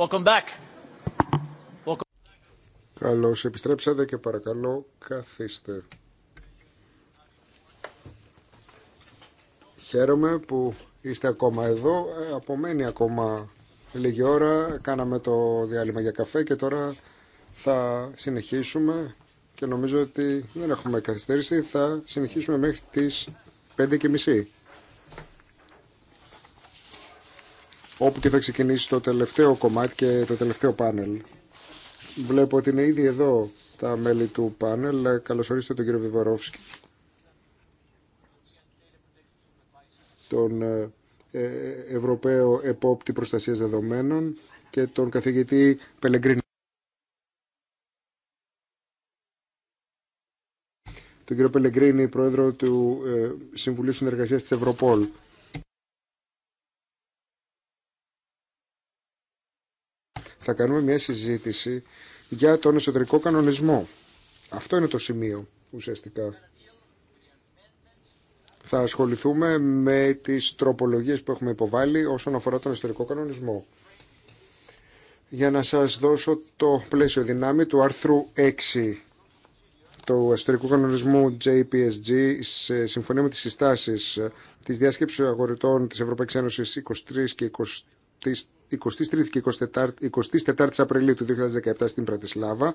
Welcome back. Καλώς επιστρέψατε και παρακαλώ καθίστε. Χαίρομαι που είστε ακόμα εδώ. Ε, απομένει ακόμα λίγη ώρα. Κάναμε το διάλειμμα για καφέ και τώρα θα συνεχίσουμε και νομίζω ότι δεν έχουμε καθυστερήσει. Θα συνεχίσουμε μέχρι τις 5.30. όπου και θα ξεκινήσει το τελευταίο κομμάτι και το τελευταίο πάνελ. Βλέπω ότι είναι ήδη εδώ τα μέλη του πάνελ. Καλωσορίστε τον κύριο Βιβαρόφσκι, τον ε, ε, Ευρωπαίο Επόπτη Προστασίας Δεδομένων και τον καθηγητή Πελεγκρίνη. τον κύριο Πελεγκρίνη, πρόεδρο του ε, Συμβουλίου Συνεργασίας της Ευρωπόλ. θα κάνουμε μια συζήτηση για τον εσωτερικό κανονισμό. Αυτό είναι το σημείο ουσιαστικά. Θα ασχοληθούμε με τις τροπολογίες που έχουμε υποβάλει όσον αφορά τον εσωτερικό κανονισμό. Για να σας δώσω το πλαίσιο δυνάμει του άρθρου 6 του εσωτερικού κανονισμού JPSG σε συμφωνία με τις συστάσεις της διάσκεψης αγορητών της Ευρωπαϊκής Ένωσης 23 και 23. 23 και 24, 24 Απριλίου του 2017 στην Πρατισλάβα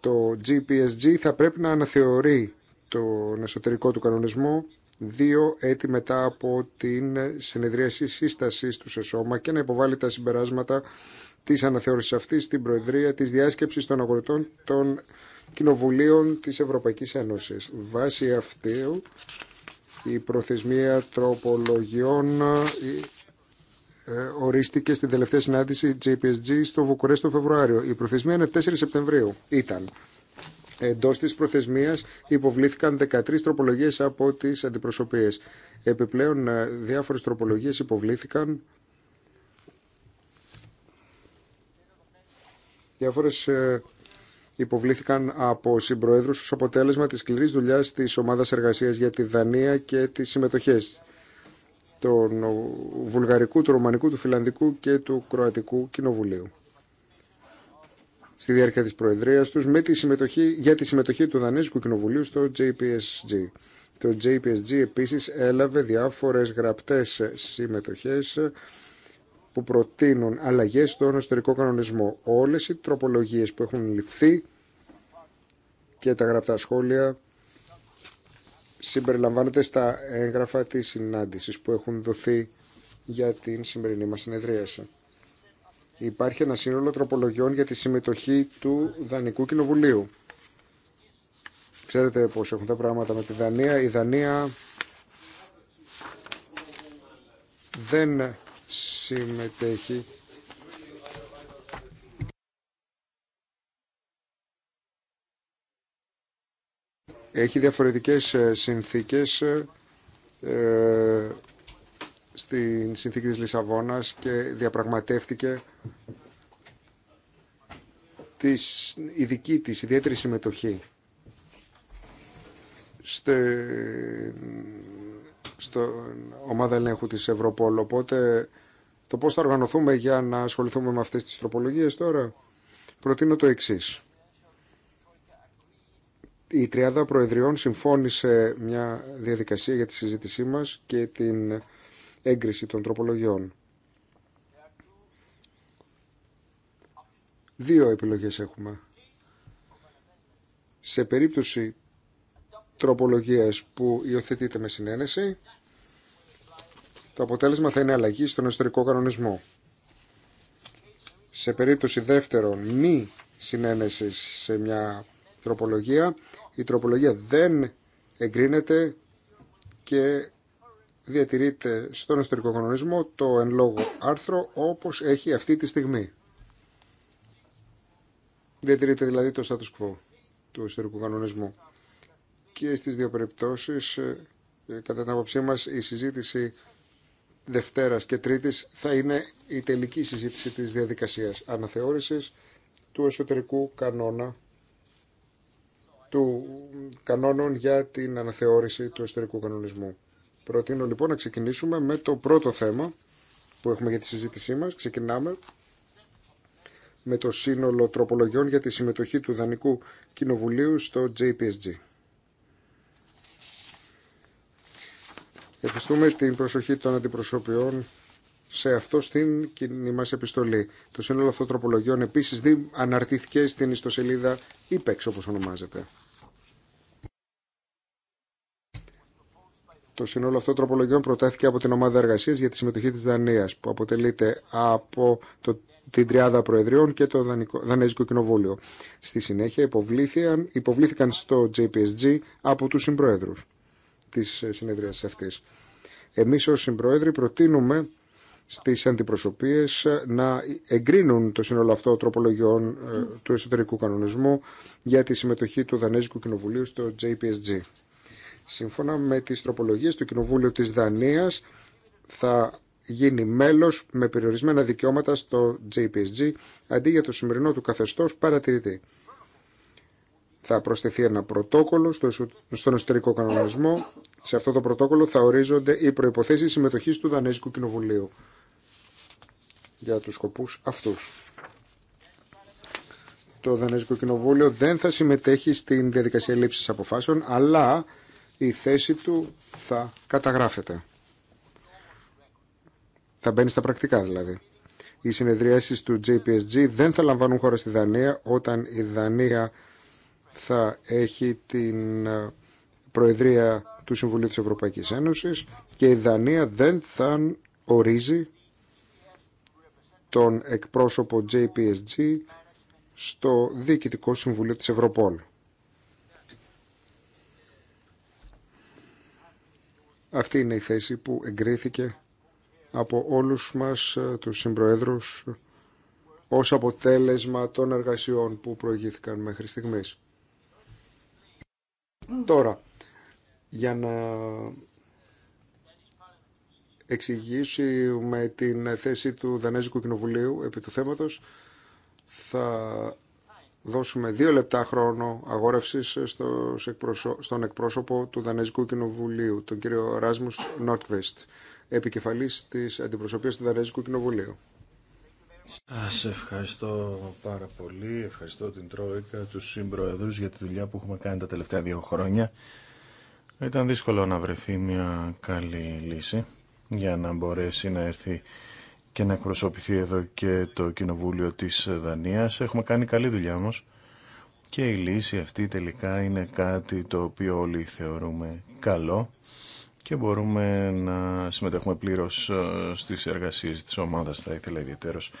το GPSG θα πρέπει να αναθεωρεί τον εσωτερικό του κανονισμό δύο έτη μετά από την συνεδρίαση σύστασης του σε σώμα και να υποβάλει τα συμπεράσματα της αναθεώρησης αυτής στην Προεδρία της Διάσκεψης των Αγορετών των Κοινοβουλίων της Ευρωπαϊκής Ένωσης. Βάσει αυτού η προθεσμία τροπολογιών ε, ορίστηκε στην τελευταία συνάντηση JPSG στο Βουκουρέστο Φεβρουάριο. Η προθεσμία είναι 4 Σεπτεμβρίου. Ήταν. Εντό τη προθεσμία υποβλήθηκαν 13 τροπολογίε από τι αντιπροσωπείε. Επιπλέον, ε, διάφορε τροπολογίε υποβλήθηκαν. Διάφορε ε, υποβλήθηκαν από συμπροέδρου ω αποτέλεσμα τη σκληρή δουλειά τη ομάδα εργασία για τη Δανία και τι συμμετοχέ των Βουλγαρικού, του Ρωμανικού, του Φιλανδικού και του Κροατικού Κοινοβουλίου στη διάρκεια της Προεδρίας τους με τη συμμετοχή, για τη συμμετοχή του Δανέζικου Κοινοβουλίου στο JPSG. Το JPSG επίσης έλαβε διάφορες γραπτές συμμετοχές που προτείνουν αλλαγές στον ιστορικό κανονισμό. Όλες οι τροπολογίες που έχουν ληφθεί και τα γραπτά σχόλια συμπεριλαμβάνεται στα έγγραφα της συνάντησης που έχουν δοθεί για την σημερινή μας συνεδρίαση. Υπάρχει ένα σύνολο τροπολογιών για τη συμμετοχή του Δανικού Κοινοβουλίου. Ξέρετε πώς έχουν τα πράγματα με τη Δανία. Η Δανία δεν συμμετέχει έχει διαφορετικές ε, συνθήκες ε, ε, στην συνθήκη της Λισαβόνας και διαπραγματεύτηκε της δική της ιδιαίτερη συμμετοχή στην στο ομάδα ελέγχου της Ευρωπόλου. Οπότε το πώς θα οργανωθούμε για να ασχοληθούμε με αυτές τις τροπολογίες τώρα προτείνω το εξής η Τριάδα Προεδριών συμφώνησε μια διαδικασία για τη συζήτησή μας και την έγκριση των τροπολογιών. Δύο επιλογές έχουμε. Σε περίπτωση τροπολογίας που υιοθετείται με συνένεση, το αποτέλεσμα θα είναι αλλαγή στον εσωτερικό κανονισμό. Σε περίπτωση δεύτερον μη συνένεσης σε μια τροπολογία, η τροπολογία δεν εγκρίνεται και διατηρείται στον ιστορικό κανονισμό το εν λόγω άρθρο όπως έχει αυτή τη στιγμή. Διατηρείται δηλαδή το status quo του ιστορικού κανονισμού. Και στις δύο περιπτώσεις, ε, κατά την άποψή μας, η συζήτηση Δευτέρας και Τρίτης θα είναι η τελική συζήτηση της διαδικασίας αναθεώρησης του εσωτερικού κανόνα του κανόνων για την αναθεώρηση του εστερικού κανονισμού. Προτείνω λοιπόν να ξεκινήσουμε με το πρώτο θέμα που έχουμε για τη συζήτησή μας. Ξεκινάμε με το σύνολο τροπολογιών για τη συμμετοχή του Δανικού Κοινοβουλίου στο JPSG. Ευχαριστούμε την προσοχή των αντιπροσωπιών σε αυτό στην κοινή μα επιστολή. Το σύνολο αυτών τροπολογιών επίση αναρτήθηκε στην ιστοσελίδα IPEX όπω ονομάζεται. Το σύνολο αυτών τροπολογιών προτάθηκε από την ομάδα εργασία για τη συμμετοχή τη Δανία που αποτελείται από το την Τριάδα Προεδριών και το Δανικό, Δανέζικο Κοινοβούλιο. Στη συνέχεια υποβλήθηκαν, υποβλήθηκαν στο JPSG από του συμπρόεδρου τη ε, συνέδρια αυτή. Εμεί, ω συμπροέδροι προτείνουμε στις αντιπροσωπείες ε, να εγκρίνουν το σύνολο αυτό τροπολογιών ε, του εσωτερικού κανονισμού για τη συμμετοχή του Δανέζικου Κοινοβουλίου στο JPSG. Σύμφωνα με τις τροπολογίες του Κοινοβούλιο της Δανίας θα γίνει μέλος με περιορισμένα δικαιώματα στο JPSG αντί για το σημερινό του καθεστώς παρατηρητή. Θα προσθεθεί ένα πρωτόκολλο στον εσωτερικό κανονισμό. Σε αυτό το πρωτόκολλο θα ορίζονται οι προϋποθέσεις συμμετοχής του Δανέζικου Κοινοβουλίου για τους σκοπούς αυτούς. Το Δανέζικο Κοινοβούλιο δεν θα συμμετέχει στην διαδικασία λήψης αποφάσεων, αλλά η θέση του θα καταγράφεται. Θα μπαίνει στα πρακτικά δηλαδή. Οι συνεδριάσεις του JPSG δεν θα λαμβάνουν χώρα στη Δανία όταν η Δανία θα έχει την ε, Προεδρία του Συμβουλίου της Ευρωπαϊκής Ένωσης και η Δανία δεν θα ορίζει τον εκπρόσωπο JPSG στο Διοικητικό Συμβουλίο της Ευρωπόλ. Αυτή είναι η θέση που εγκρίθηκε από όλους μας ε, τους συμπροέδρους ως αποτέλεσμα των εργασιών που προηγήθηκαν μέχρι στιγμής. Τώρα, για να εξηγήσει με την θέση του Δανέζικου Κοινοβουλίου επί του θέματος. Θα δώσουμε δύο λεπτά χρόνο αγόρευσης στον εκπρόσωπο του Δανέζικου Κοινοβουλίου, τον κύριο Ράσμους Νόρτβεστ, επικεφαλής της αντιπροσωπείας του Δανέζικου Κοινοβουλίου. Σας ευχαριστώ πάρα πολύ. Ευχαριστώ την Τρόικα, του συμπροεδρούς για τη δουλειά που έχουμε κάνει τα τελευταία δύο χρόνια. Ήταν δύσκολο να βρεθεί μια καλή λύση για να μπορέσει να έρθει και να εκπροσωπηθεί εδώ και το Κοινοβούλιο της Δανίας. Έχουμε κάνει καλή δουλειά όμως και η λύση αυτή τελικά είναι κάτι το οποίο όλοι θεωρούμε καλό και μπορούμε να συμμετέχουμε πλήρως ε, στις εργασίες της ομάδας. Θα ήθελα ιδιαίτερως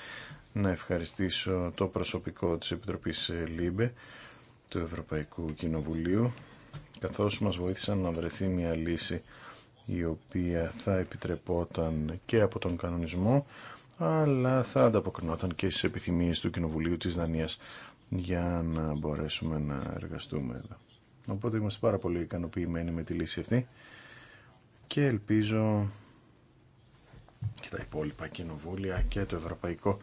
να ευχαριστήσω το προσωπικό της Επιτροπής ΛΥΜΠΕ του Ευρωπαϊκού Κοινοβουλίου καθώς μας βοήθησαν να βρεθεί μια λύση η οποία θα επιτρεπόταν και από τον κανονισμό αλλά θα ανταποκρινόταν και στις επιθυμίες του Κοινοβουλίου της Δανίας για να μπορέσουμε να εργαστούμε εδώ. Οπότε είμαστε πάρα πολύ ικανοποιημένοι με τη λύση αυτή και ελπίζω και τα υπόλοιπα κοινοβούλια και το Ευρωπαϊκό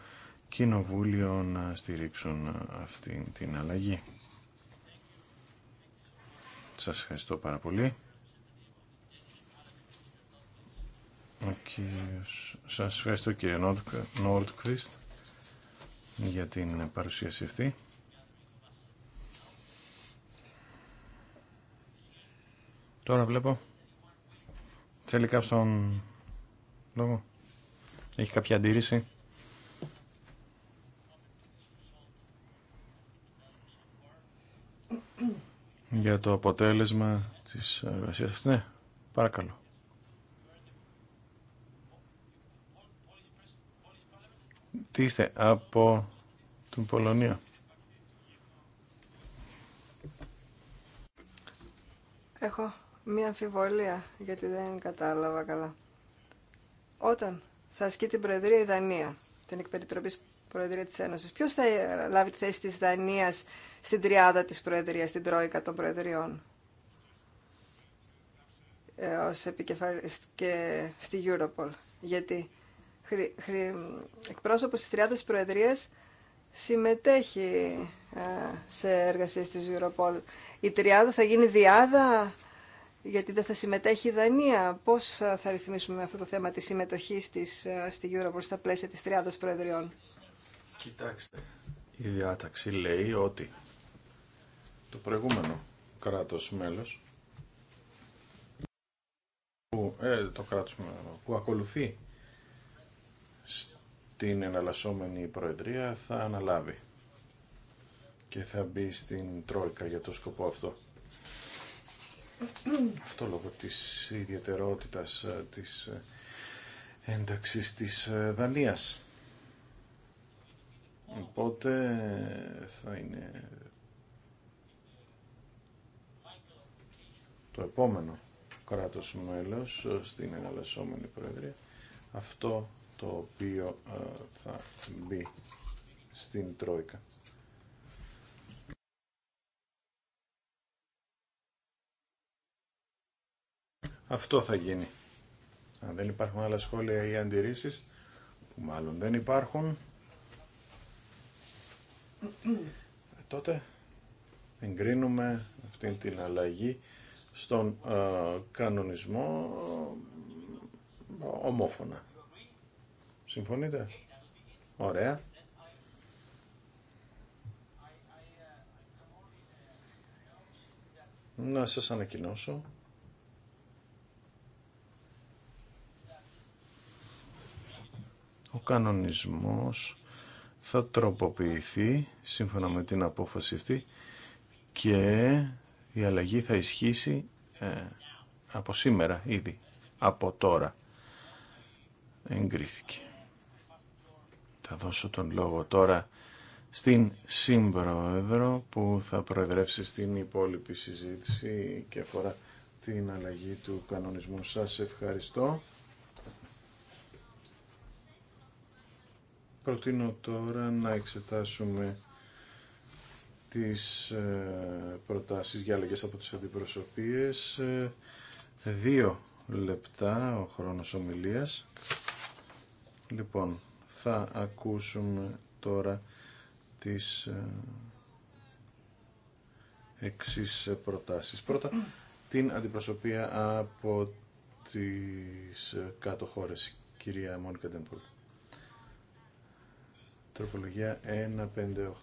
Κοινοβούλιο να στηρίξουν αυτή την αλλαγή. Σας ευχαριστώ πάρα πολύ. Ο κύριος... Σας ευχαριστώ κύριε Νόρτκριστ για την παρουσίαση αυτή. Τώρα βλέπω. Θέλει κάποιον λόγο. Έχει κάποια αντίρρηση. για το αποτέλεσμα της εργασίας. Ναι, παρακαλώ. Τι είστε, από την Πολωνία. Έχω μία αμφιβολία, γιατί δεν κατάλαβα καλά. Όταν θα ασκεί την Προεδρία η Δανία, την εκπεριτροπή Προεδρία της Ένωσης, ποιος θα ε, λάβει τη θέση της Δανίας στην τριάδα της Προεδρίας, στην Τρόικα των Προεδριών ε, ως και στη Europol. Γιατί εκπρόσωπος της 30ης Προεδρίας συμμετέχει ε, σε εργασίες της Europol. Η Τριάδα θα γίνει διάδα γιατί δεν θα συμμετέχει η Δανία. Πώς θα ρυθμίσουμε αυτό το θέμα της συμμετοχής της ε, στη Europol στα πλαίσια της Τριάδας Προεδριών. Κοιτάξτε, η διάταξη λέει ότι το προηγούμενο κράτος μέλος που, ε, το κράτος μέλος, που ακολουθεί στην εναλλασσόμενη Προεδρία θα αναλάβει και θα μπει στην Τρόικα για το σκοπό αυτό. Αυτό λόγω της ιδιαιτερότητας ε, της ε, ένταξης της ε, Δανίας. Οπότε θα είναι το επόμενο κράτος μέλος στην εναλλασσόμενη Προεδρία. Αυτό το οποίο ε, θα μπει στην Τρόικα. Αυτό θα γίνει. Αν δεν υπάρχουν άλλα σχόλια ή αντιρρήσεις, που μάλλον δεν υπάρχουν, τότε εγκρίνουμε αυτή την αλλαγή στον ε, κανονισμό ομόφωνα. Συμφωνείτε. Ωραία. Να σας ανακοινώσω. Ο κανονισμός θα τροποποιηθεί σύμφωνα με την απόφαση αυτή και η αλλαγή θα ισχύσει ε, από σήμερα ήδη, από τώρα. Εγκρίθηκε. Θα δώσω τον λόγο τώρα στην Σύμπροεδρο που θα προεδρεύσει στην υπόλοιπη συζήτηση και αφορά την αλλαγή του κανονισμού. Σας ευχαριστώ. Προτείνω τώρα να εξετάσουμε τις ε, προτάσεις για αλλαγές από τις αντιπροσωπείες. Ε, δύο λεπτά ο χρόνος ομιλίας. Λοιπόν, θα ακούσουμε τώρα τις ε, εξής προτάσεις. Πρώτα, την αντιπροσωπεία από τις ε, κάτω χώρες, κυρία Μόνικα Ντεμπούλ. Τροπολογία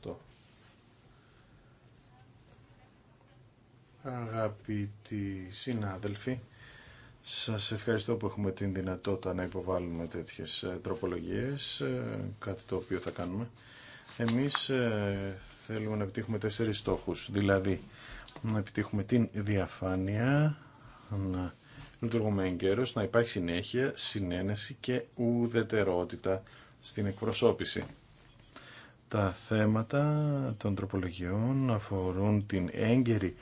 158. Αγαπητοί συνάδελφοι, σας ευχαριστώ που έχουμε την δυνατότητα να υποβάλουμε τέτοιες ε, τροπολογίες, ε, κάτι το οποίο θα κάνουμε. Εμείς ε, θέλουμε να επιτύχουμε τέσσερις στόχους, δηλαδή να επιτύχουμε την διαφάνεια, να λειτουργούμε εγκαίρως, να υπάρχει συνέχεια, συνένεση και ουδετερότητα στην εκπροσώπηση. Τα θέματα των τροπολογιών αφορούν την έγκαιρη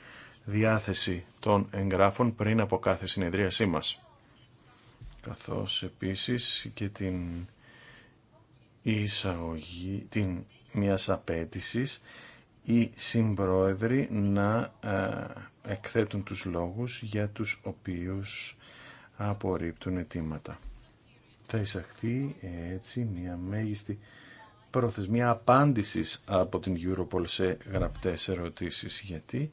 διάθεση των εγγράφων πριν από κάθε συνεδρίασή μας. Καθώς επίσης και την εισαγωγή την μιας απέτησης οι συμπρόεδροι να ε, εκθέτουν τους λόγους για τους οποίους απορρίπτουν αιτήματα. Θα εισαχθεί έτσι μια μέγιστη προθεσμία απάντησης από την Europol σε γραπτές ερωτήσεις γιατί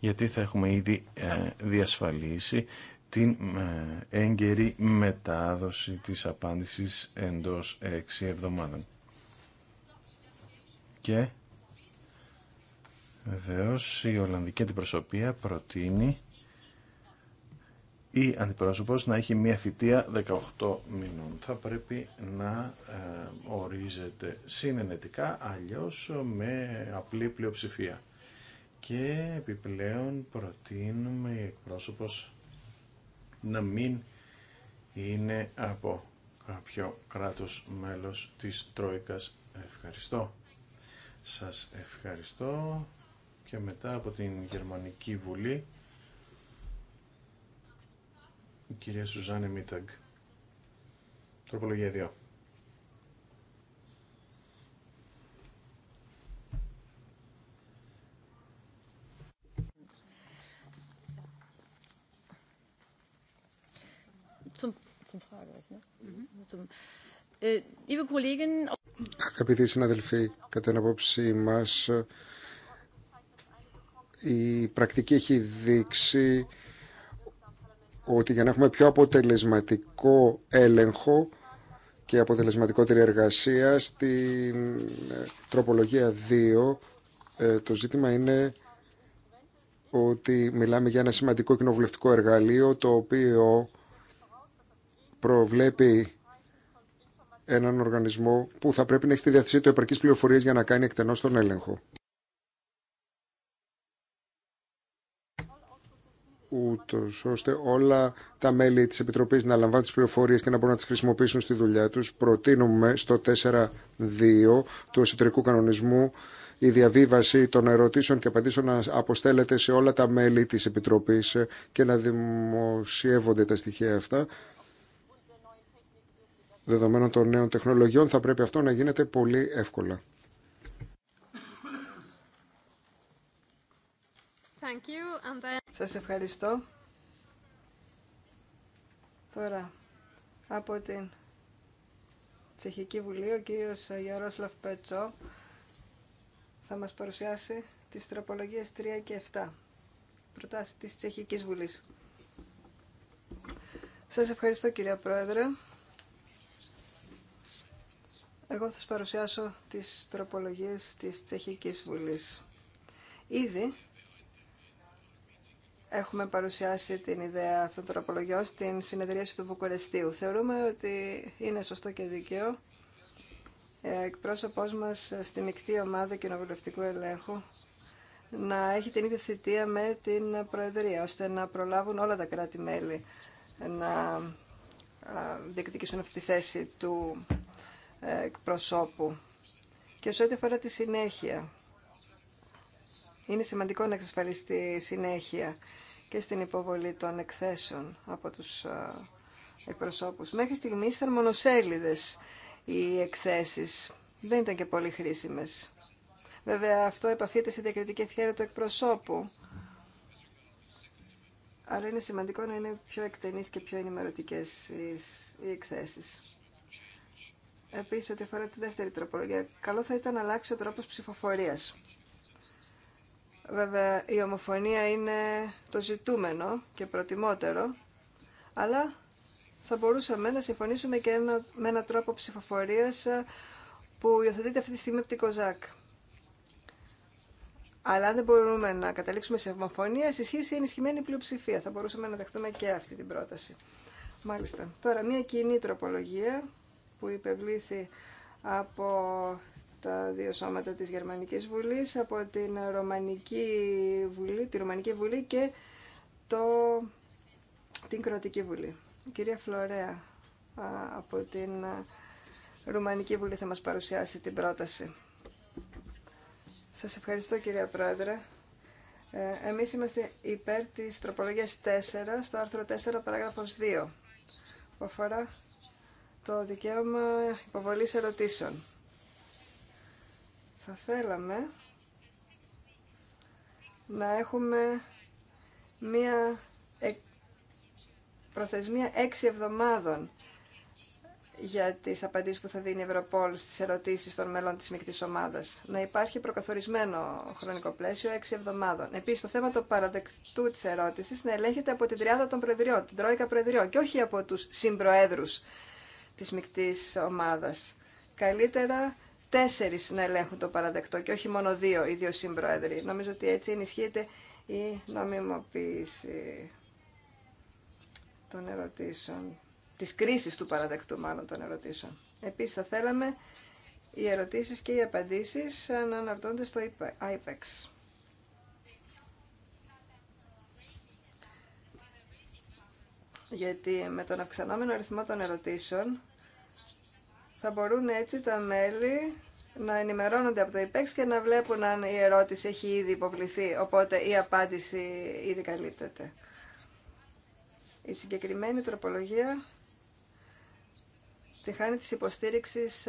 γιατί θα έχουμε ήδη ε, διασφαλίσει την ε, έγκαιρη μετάδοση της απάντησης εντός 6 εβδομάδων. Και βεβαίω η Ολλανδική Αντιπροσωπεία προτείνει ή αντιπρόσωπος να έχει μια θητεία 18 μηνών. Θα πρέπει να ε, ορίζεται συνενετικά, αλλιώς με απλή πλειοψηφία και επιπλέον προτείνουμε η εκπρόσωπος να μην είναι από κάποιο κράτος μέλος της Τρόικας. Ευχαριστώ. Σας ευχαριστώ και μετά από την Γερμανική Βουλή η κυρία Σουζάνε Μίταγκ. Τροπολογία 2. Mhm. Äh, Αγαπητοί συναδελφοί, κατά την απόψη μας ε, η πρακτική έχει δείξει ότι για να έχουμε πιο αποτελεσματικό έλεγχο και αποτελεσματικότερη εργασία στην ε, τροπολογία 2 ε, το ζήτημα είναι ότι μιλάμε για ένα σημαντικό κοινοβουλευτικό εργαλείο το οποίο προβλέπει έναν οργανισμό που θα πρέπει να έχει τη διάθεσή του επαρκής πληροφορίας για να κάνει εκτενώς τον έλεγχο. Ούτω ώστε όλα τα μέλη τη Επιτροπή να λαμβάνουν τι πληροφορίε και να μπορούν να τι χρησιμοποιήσουν στη δουλειά του, προτείνουμε στο 4.2 του εσωτερικού κανονισμού η διαβίβαση των ερωτήσεων και απαντήσεων να αποστέλλεται σε όλα τα μέλη της Επιτροπής και να δημοσιεύονται τα στοιχεία αυτά δεδομένων των νέων τεχνολογιών θα πρέπει αυτό να γίνεται πολύ εύκολα. Thank Σας ευχαριστώ. Τώρα, από την Τσεχική Βουλή, ο κύριος Γιαρόσλαφ Πετσό θα μας παρουσιάσει τις τροπολογίες 3 και 7, προτάσεις της Τσεχικής Βουλής. Σας ευχαριστώ κυρία Πρόεδρε. Εγώ θα σας παρουσιάσω τις τροπολογίες της Τσεχικής Βουλής. Ήδη έχουμε παρουσιάσει την ιδέα αυτών των τροπολογιών στην συνεδρίαση του Βουκουρεστίου. Θεωρούμε ότι είναι σωστό και δίκαιο ε, εκπρόσωπός μας στην μεικτή ομάδα κοινοβουλευτικού ελέγχου να έχει την ίδια θητεία με την Προεδρία, ώστε να προλάβουν όλα τα κράτη-μέλη να διεκδικήσουν αυτή τη θέση του εκπροσώπου. Και σε ό,τι αφορά τη συνέχεια, είναι σημαντικό να εξασφαλιστεί συνέχεια και στην υποβολή των εκθέσεων από τους ε, εκπροσώπους. Μέχρι στιγμής ήταν μονοσέλιδες οι εκθέσεις. Δεν ήταν και πολύ χρήσιμες. Βέβαια, αυτό επαφείται στη διακριτική ευχαίρεια του εκπροσώπου. Αλλά είναι σημαντικό να είναι πιο εκτενείς και πιο ενημερωτικές οι εκθέσεις. Επίσης, ό,τι αφορά τη δεύτερη τροπολογία, καλό θα ήταν να αλλάξει ο τρόπος ψηφοφορίας. Βέβαια, η ομοφωνία είναι το ζητούμενο και προτιμότερο, αλλά θα μπορούσαμε να συμφωνήσουμε και με έναν τρόπο ψηφοφορίας ε, που υιοθετείται αυτή τη στιγμή από την ΚΟΖΑΚ. Αλλά αν δεν μπορούμε να καταλήξουμε σε ομοφωνία, σχέση η ενισχυμένη πλειοψηφία. Θα μπορούσαμε να δεχτούμε και αυτή την πρόταση. Μάλιστα. Τώρα, μια κοινή τροπολογία που υπευλήθη από τα δύο σώματα της Γερμανικής Βουλής, από την Ρωμανική Βουλή, τη Ρωμανική Βουλή και το, την Κροτική Βουλή. Η κυρία Φλωρέα από την Ρουμανική Βουλή θα μας παρουσιάσει την πρόταση. Σας ευχαριστώ κυρία Πρόεδρε. Ε, εμείς είμαστε υπέρ της τροπολογίας 4, στο άρθρο 4, παράγραφος 2, που αφορά το δικαίωμα υποβολής ερωτήσεων. Θα θέλαμε να έχουμε μία προθεσμία έξι εβδομάδων για τις απαντήσεις που θα δίνει η Ευρωπόλ στις ερωτήσεις των μελών της μικτής ομάδας. Να υπάρχει προκαθορισμένο χρονικό πλαίσιο έξι εβδομάδων. Επίσης, το θέμα του παραδεκτού της ερώτησης να ελέγχεται από την τριάδα των προεδριών, την τρόικα προεδριών και όχι από τους συμπροέδρους της μικτής ομάδας. Καλύτερα τέσσερις να ελέγχουν το παραδεκτό και όχι μόνο δύο ή δύο συμπροέδροι. Νομίζω ότι έτσι ενισχύεται οι νομιμοποίηση των ερωτήσεων, της κρίσης του παραδεκτού μάλλον των ερωτήσεων. Επίσης θα θέλαμε οι ερωτήσεις και οι απαντήσεις να αναρτώνται στο IPEX. γιατί με τον αυξανόμενο αριθμό των ερωτήσεων θα μπορούν έτσι τα μέλη να ενημερώνονται από το IPEX και να βλέπουν αν η ερώτηση έχει ήδη υποβληθεί, οπότε η απάντηση ήδη καλύπτεται. Η συγκεκριμένη τροπολογία τη χάνει της υποστήριξης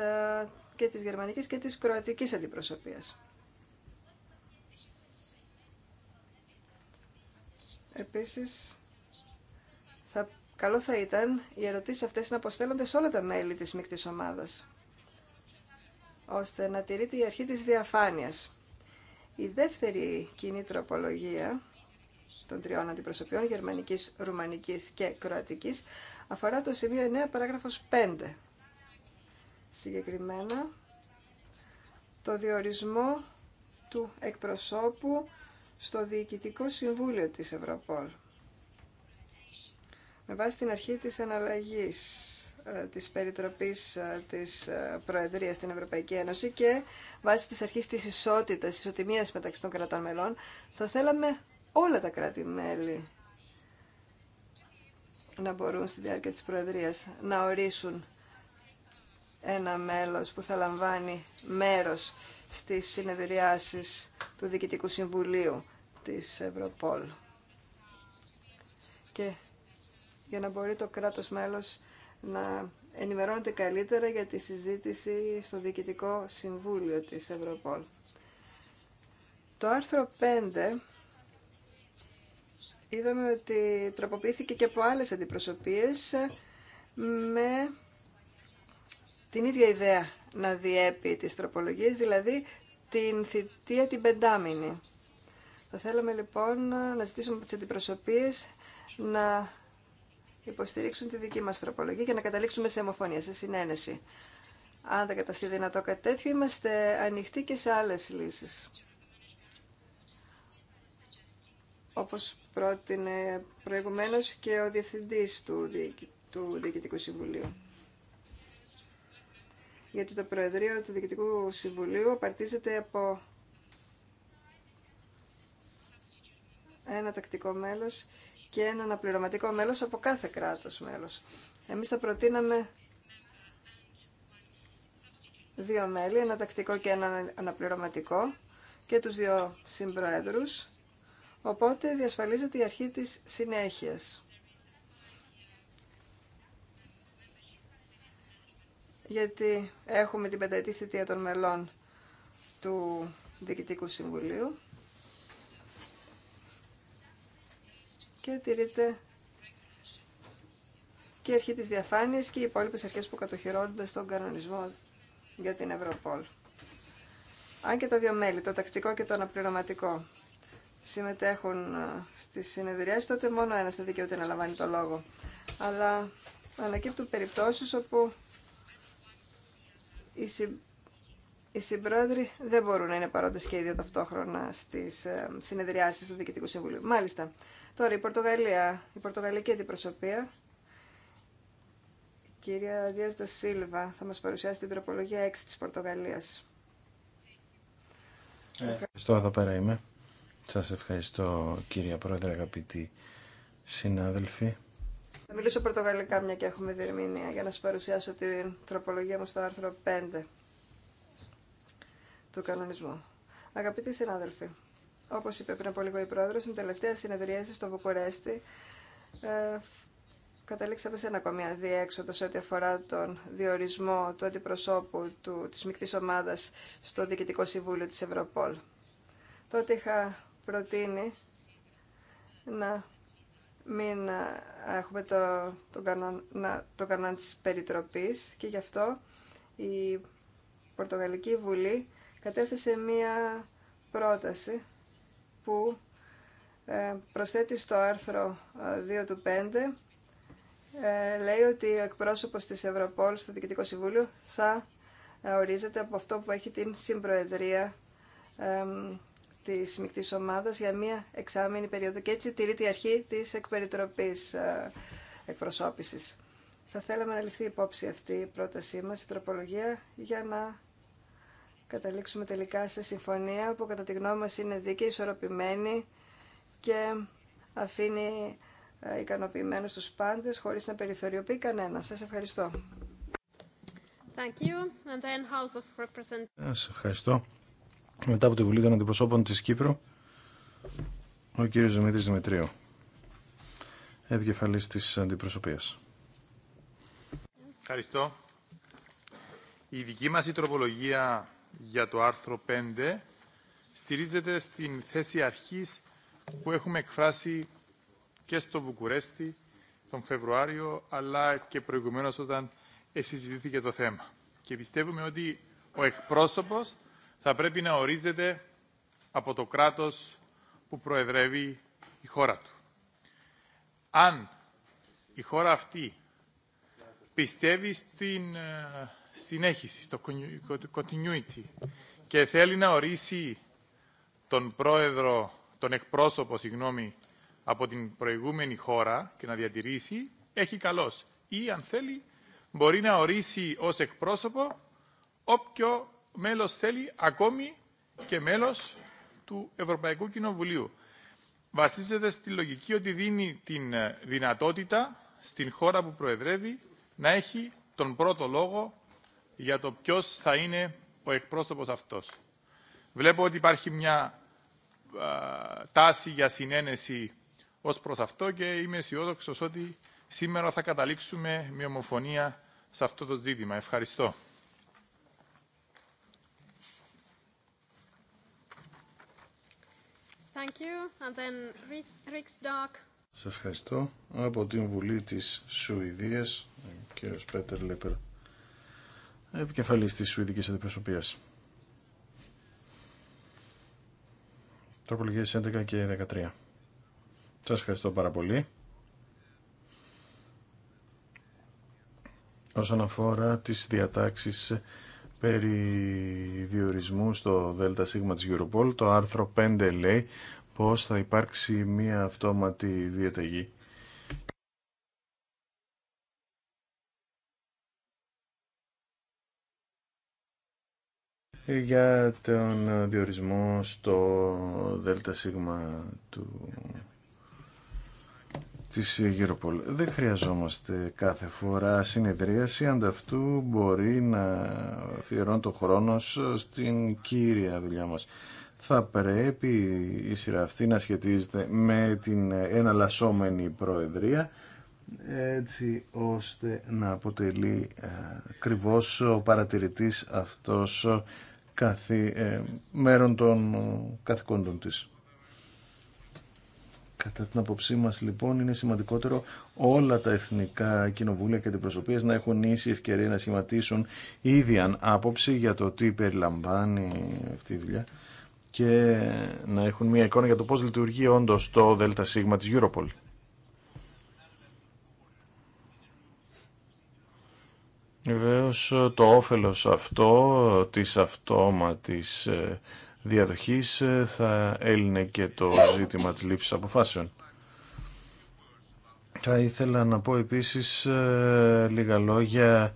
και της γερμανικής και της κροατικής αντιπροσωπείας. Επίσης, Καλό θα ήταν οι ερωτήσεις αυτές να αποστέλλονται σε όλα τα μέλη της μικτής ομάδας, ώστε να τηρείται η αρχή της διαφάνειας. Η δεύτερη κοινή τροπολογία των τριών αντιπροσωπιών, γερμανικής, ρουμανικής και κροατικής, αφορά το σημείο 9, παράγραφος 5. Συγκεκριμένα, το διορισμό του εκπροσώπου στο Διοικητικό Συμβούλιο της Ευρωπόλ. Με βάση την αρχή της αναλλαγής ε, της περιτροπής ε, της ε, Προεδρίας στην Ευρωπαϊκή Ένωση και βάση της αρχής της ισότητας, της ισοτιμίας μεταξύ των κρατών μελών, θα θέλαμε όλα τα κράτη-μέλη να μπορούν στη διάρκεια της Προεδρίας να ορίσουν ένα μέλος που θα λαμβάνει μέρος στις συνεδριάσεις του Διοικητικού Συμβουλίου της Ευρωπόλ για να μπορεί το κράτος μέλος να ενημερώνεται καλύτερα για τη συζήτηση στο Διοικητικό Συμβούλιο της Ευρωπόλ. Το άρθρο 5 είδαμε ότι τροποποιήθηκε και από άλλες αντιπροσωπείες με την ίδια ιδέα να διέπει τις τροπολογίες, δηλαδή την θητεία την πεντάμινη. Θα θέλαμε λοιπόν να ζητήσουμε από τις αντιπροσωπείες να υποστηρίξουν τη δική μας τροπολογία και να καταλήξουμε σε αιμοφωνία, σε συνένεση. Αν δεν καταστεί δυνατό κάτι τέτοιο, είμαστε ανοιχτοί και σε άλλες λύσεις. Όπως πρότεινε προηγουμένως και ο Διευθυντής του, Διοικη... του Διοικητικού Συμβουλίου. Γιατί το Προεδρείο του Διοικητικού Συμβουλίου απαρτίζεται από ένα τακτικό μέλος και ένα αναπληρωματικό μέλος από κάθε κράτος μέλος. Εμείς θα προτείναμε δύο μέλη, ένα τακτικό και ένα αναπληρωματικό και τους δύο συμπροέδρους, οπότε διασφαλίζεται η αρχή της συνέχειας. Γιατί έχουμε την πενταετή θητεία των μελών του Διοικητικού Συμβουλίου και τηρείται και η αρχή της διαφάνειας και οι υπόλοιπες αρχές που κατοχυρώνονται στον κανονισμό για την Ευρωπόλ. Αν και τα δύο μέλη, το τακτικό και το αναπληρωματικό, συμμετέχουν ε, στις συνεδριάσεις, τότε μόνο ένας θα δικαιούται να λαμβάνει το λόγο. Αλλά ανακύπτουν περιπτώσεις όπου οι, συ... οι συμπρόεδροι δεν μπορούν να είναι παρόντες και οι δύο ταυτόχρονα στις ε, συνεδριάσεις του Διοικητικού Συμβουλίου. Μάλιστα, Τώρα η Πορτογαλία, η Πορτογαλική αντιπροσωπεία. Κυρία Δίας Σίλβα θα μας παρουσιάσει την τροπολογία 6 της Πορτογαλίας. Ε. Ευχαριστώ, εδώ πέρα είμαι. Σας ευχαριστώ κύριε Πρόεδρε, αγαπητοί συνάδελφοι. Θα μιλήσω πορτογαλικά μια και έχουμε διερμηνία για να σας παρουσιάσω την τροπολογία μου στο άρθρο 5 του κανονισμού. Αγαπητοί συνάδελφοι, όπως είπε πριν από λίγο η πρόεδρος, στην τελευταία συνεδρίαση στο Βουκουρέστι ε, καταλήξαμε σε ένα ακόμη αδιέξοδο σε ό,τι αφορά τον διορισμό του αντιπροσώπου του, της μικτής ομάδας στο Διοικητικό Συμβούλιο της Ευρωπόλ. Τότε είχα προτείνει να μην ε, έχουμε το, το, κανόνα, το κανόνα της περιτροπής και γι' αυτό η Πορτογαλική Βουλή κατέθεσε μία πρόταση που ε, προσθέτει στο άρθρο 2 ε, του 5 ε, λέει ότι ο εκπρόσωπος της Ευρωπόλ στο Διοικητικό Συμβούλιο θα ορίζεται από αυτό που έχει την συμπροεδρία της μικτής ομάδας για μία εξάμηνη περίοδο και έτσι τηρείται η αρχή της εκπεριτροπής εκπροσώπησης. Θα θέλαμε να ληφθεί υπόψη αυτή η πρότασή μας, η τροπολογία, για να καταλήξουμε τελικά σε συμφωνία που κατά τη γνώμη μας είναι δίκαιη, ισορροπημένη και αφήνει ε, ικανοποιημένους τους πάντες χωρίς να περιθωριοποιεί κανένα. Σας ευχαριστώ. Thank you. And then House of ευχαριστώ. Μετά από τη Βουλή των Αντιπροσώπων της Κύπρου, ο κύριος Δημήτρης Δημητρίου, επικεφαλής της Αντιπροσωπείας. Ευχαριστώ. Η δική μας η τροπολογία για το άρθρο 5 στηρίζεται στην θέση αρχής που έχουμε εκφράσει και στο Βουκουρέστι τον Φεβρουάριο, αλλά και προηγουμένως όταν συζητήθηκε το θέμα. Και πιστεύουμε ότι ο εκπρόσωπος θα πρέπει να ορίζεται από το κράτος που προεδρεύει η χώρα του. Αν η χώρα αυτή πιστεύει στην ε, συνέχιση, το continuity και θέλει να ορίσει τον πρόεδρο, τον εκπρόσωπο, συγγνώμη, από την προηγούμενη χώρα και να διατηρήσει, έχει καλός. Ή αν θέλει, μπορεί να ορίσει ως εκπρόσωπο όποιο μέλος θέλει, ακόμη και μέλος του Ευρωπαϊκού Κοινοβουλίου. Βασίζεται στη λογική ότι δίνει την ε, δυνατότητα στην χώρα που προεδρεύει να έχει τον πρώτο λόγο για το ποιο θα είναι ο εκπρόσωπος αυτός. Βλέπω ότι υπάρχει μια τάση για συνένεση ως προς αυτό και είμαι αισιόδοξο ότι σήμερα θα καταλήξουμε με ομοφωνία σε αυτό το ζήτημα. Ευχαριστώ. Thank ευχαριστώ. Από την Βουλή της Σουηδίας, ο κύριος Πέτερ Λέπερ επικεφαλής της Σουηδικής Αντιπροσωπεία. Τροπολογίε 11 και 13. Σας ευχαριστώ πάρα πολύ. Όσον αφορά τι διατάξεις περί διορισμού στο ΔΣ της Europol, το άρθρο 5 λέει πως θα υπάρξει μία αυτόματη διαταγή για τον διορισμό στο ΔΣ του της Γεροπολ. Δεν χρειαζόμαστε κάθε φορά συνεδρίαση, ανταυτού μπορεί να αφιερώνει το χρόνο στην κύρια δουλειά μας. Θα πρέπει η σειρά αυτή να σχετίζεται με την εναλλασσόμενη Προεδρία, έτσι ώστε να αποτελεί ε, ακριβώ ο παρατηρητής αυτός κάθε ε, των καθηκόντων της. Κατά την απόψή μας λοιπόν είναι σημαντικότερο όλα τα εθνικά κοινοβούλια και αντιπροσωπείες να έχουν ίση ευκαιρία να σχηματίσουν ίδιαν άποψη για το τι περιλαμβάνει αυτή η δουλειά και να έχουν μια εικόνα για το πώς λειτουργεί όντως το ΔΣ της Europol. Βεβαίω το όφελος αυτό της αυτόματης ε, διαδοχής ε, θα έλυνε και το ζήτημα της λήψης αποφάσεων. Θα ήθελα να πω επίσης ε, λίγα λόγια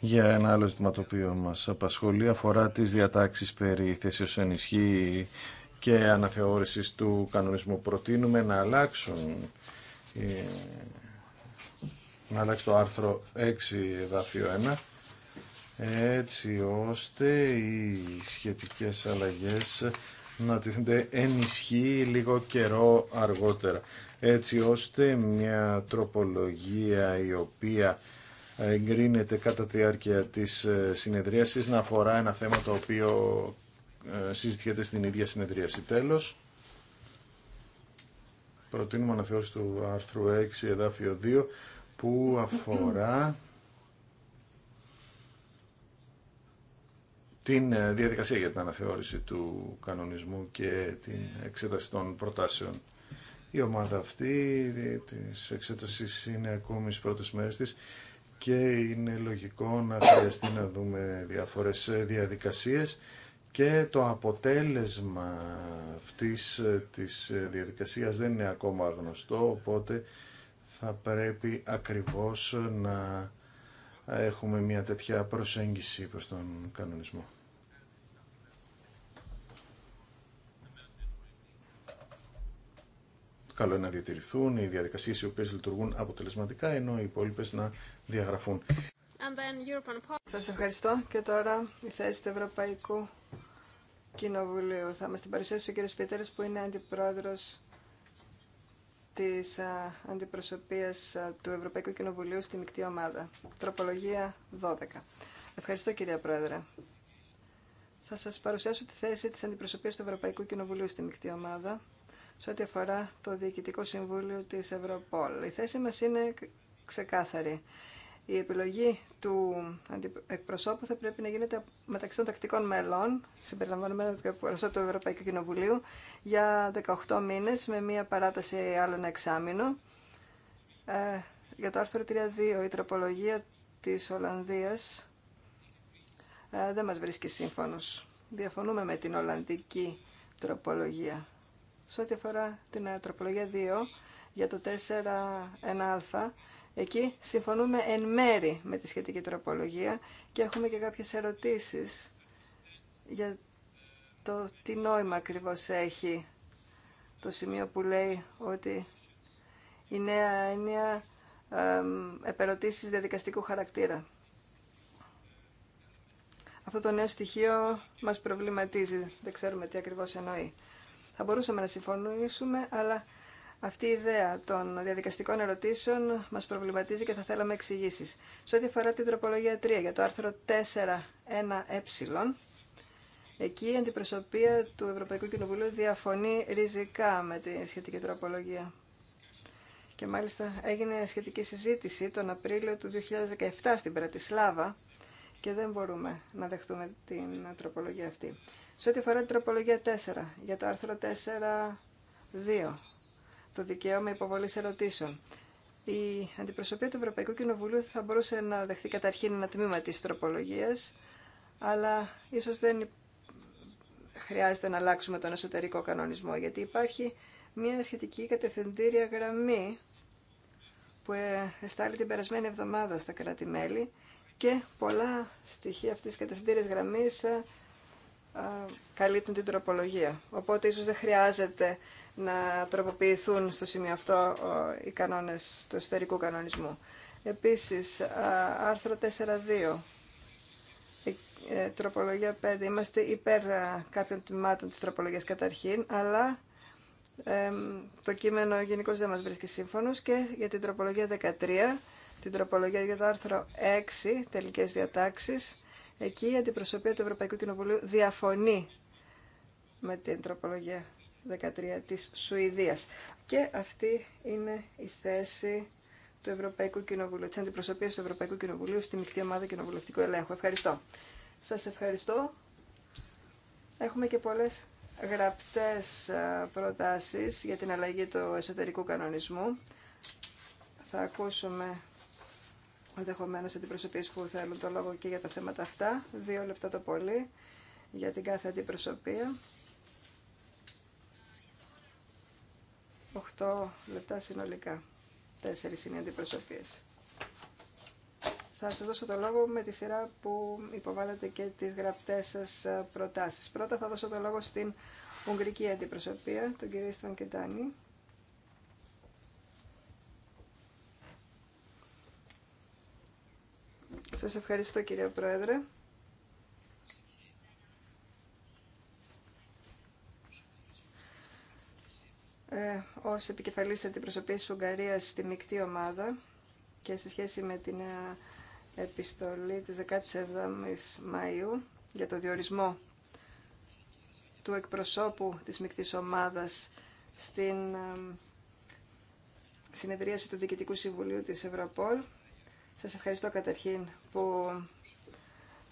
για ένα άλλο ζήτημα το οποίο μας απασχολεί αφορά τις διατάξεις περί θέσεως ενισχύ και αναθεώρησης του κανονισμού. Προτείνουμε να αλλάξουν να αλλάξει το άρθρο 6 εδάφιο 1 έτσι ώστε οι σχετικές αλλαγές να τίθενται ενισχύει λίγο καιρό αργότερα. Έτσι ώστε μια τροπολογία η οποία εγκρίνεται κατά τη διάρκεια της ε, συνεδρίασης να αφορά ένα θέμα το οποίο ε, συζητιέται στην ίδια συνεδρίαση. Τέλος, προτείνουμε αναθεώρηση του άρθρου 6 εδάφιο 2 που αφορά την ε, διαδικασία για την αναθεώρηση του κανονισμού και την εξέταση των προτάσεων. Η ομάδα αυτή της εξέταση είναι ακόμη στις πρώτες μέρες της και είναι λογικό να χρειαστεί να δούμε διάφορες ε, διαδικασίες και το αποτέλεσμα αυτής ε, της διαδικασίας δεν είναι ακόμα γνωστό, οπότε θα πρέπει ακριβώς να έχουμε μια τέτοια προσέγγιση προς τον κανονισμό. Καλό είναι να διατηρηθούν οι διαδικασίες οι οποίες λειτουργούν αποτελεσματικά, ενώ οι υπόλοιπε να διαγραφούν. Σα Σας ευχαριστώ και τώρα η θέση του Ευρωπαϊκού Κοινοβουλίου. Θα μας την παρουσιάσει ο κ. Πίτερ, που είναι αντιπρόεδρος της αντιπροσωπείας του Ευρωπαϊκού Κοινοβουλίου στην Μικτή Ομάδα. Τροπολογία 12. Ευχαριστώ κυρία Πρόεδρε. Θα σας παρουσιάσω τη θέση της αντιπροσωπείας του Ευρωπαϊκού Κοινοβουλίου στην Μικτή Ομάδα σε ό,τι αφορά το Διοικητικό Συμβούλιο της Ευρωπόλ. Η θέση μας είναι ξεκάθαρη η επιλογή του εκπροσώπου θα πρέπει να γίνεται μεταξύ των τακτικών μελών, συμπεριλαμβανομένων του εκπροσώπου του Ευρωπαϊκού Κοινοβουλίου, για 18 μήνε με μία παράταση άλλο ένα Ε, για το άρθρο 3.2, η τροπολογία της Ολλανδίας ε, δεν μας βρίσκει σύμφωνος. Διαφωνούμε με την Ολλανδική τροπολογία. Σε ό,τι αφορά την ε, τροπολογία 2, για το 4.1α, Εκεί συμφωνούμε εν μέρη με τη σχετική τροπολογία και έχουμε και κάποιες ερωτήσεις για το τι νόημα ακριβώ έχει το σημείο που λέει ότι η νέα έννοια επερωτήσεις διαδικαστικού χαρακτήρα. Αυτό το νέο στοιχείο μας προβληματίζει. Δεν ξέρουμε τι ακριβώς εννοεί. Θα μπορούσαμε να συμφωνήσουμε, αλλά αυτή η ιδέα των διαδικαστικών ερωτήσεων μα προβληματίζει και θα θέλαμε εξηγήσει. Σε ό,τι αφορά την τροπολογία 3 για το άρθρο 4.1.ε, εκεί η αντιπροσωπεία του Ευρωπαϊκού Κοινοβουλίου διαφωνεί ριζικά με τη σχετική τροπολογία. Και μάλιστα έγινε σχετική συζήτηση τον Απρίλιο του 2017 στην Πρατισλάβα και δεν μπορούμε να δεχτούμε την τροπολογία αυτή. Σε ό,τι αφορά την τροπολογία 4 για το άρθρο 4.2 το δικαίωμα υποβολή ερωτήσεων. Η αντιπροσωπεία του Ευρωπαϊκού Κοινοβουλίου θα μπορούσε να δεχτεί καταρχήν ένα τμήμα τη τροπολογίας, αλλά ίσως δεν χρειάζεται να αλλάξουμε τον εσωτερικό κανονισμό, γιατί υπάρχει μια σχετική κατευθυντήρια γραμμή που ε, εστάλει την περασμένη εβδομάδα στα κράτη-μέλη και πολλά στοιχεία αυτής της κατευθυντήριας γραμμής ε, ε, καλύπτουν την τροπολογία. Οπότε ίσως δεν χρειάζεται να τροποποιηθούν στο σημείο αυτό οι κανόνες του εσωτερικού κανονισμού. Επίσης, άρθρο 4.2, ε, ε, τροπολογία 5. Είμαστε υπέρ κάποιων τμήματων της τροπολογίας καταρχήν, αλλά το κείμενο γενικώ δεν μας βρίσκει σύμφωνος και για την τροπολογία 13, την τροπολογία για το άρθρο 6, τελικές διατάξεις, εκεί η αντιπροσωπεία του Ευρωπαϊκού Κοινοβουλίου διαφωνεί με την τροπολογία 13 της Σουηδίας. Και αυτή είναι η θέση του Ευρωπαϊκού Κοινοβουλίου, της αντιπροσωπείας του Ευρωπαϊκού Κοινοβουλίου στη Μικτή Ομάδα Κοινοβουλευτικού Ελέγχου. Ευχαριστώ. Σας ευχαριστώ. Έχουμε και πολλές γραπτές προτάσεις για την αλλαγή του εσωτερικού κανονισμού. Θα ακούσουμε ενδεχομένω αντιπροσωπείς που θέλουν το λόγο και για τα θέματα αυτά. Δύο λεπτά το πολύ για την κάθε αντιπροσωπεία. 8 λεπτά συνολικά. Τέσσερις είναι αντιπροσωπείε. Θα σα δώσω το λόγο με τη σειρά που υποβάλλατε και τις γραπτές σα προτάσεις. Πρώτα θα δώσω το λόγο στην Ουγγρική Αντιπροσωπεία, τον κύριο Ιστον Κεντάνη. Σας ευχαριστώ κύριε Πρόεδρε. ε, ως επικεφαλής αντιπροσωπής της Ουγγαρίας στη μεικτή ομάδα και σε σχέση με την ε, επιστολή της 17ης Μαΐου για το διορισμό του εκπροσώπου της Μικτής ομάδας στην ε, συνεδρίαση του Διοικητικού Συμβουλίου της Ευρωπόλ. Σας ευχαριστώ καταρχήν που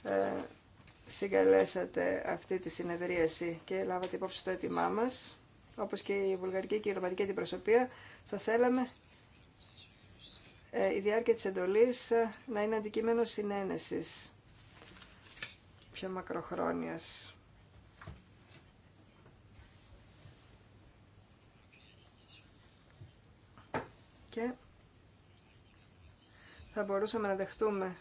ε, συγκαλέσατε αυτή τη συνεδρίαση και λάβατε υπόψη στο έτοιμά μας όπως και η βουλγαρική και η ρωμανική αντιπροσωπεία, θα θέλαμε ε, η διάρκεια της εντολής ε, να είναι αντικείμενο συνένεσης πιο μακροχρόνιας. Και θα μπορούσαμε να δεχτούμε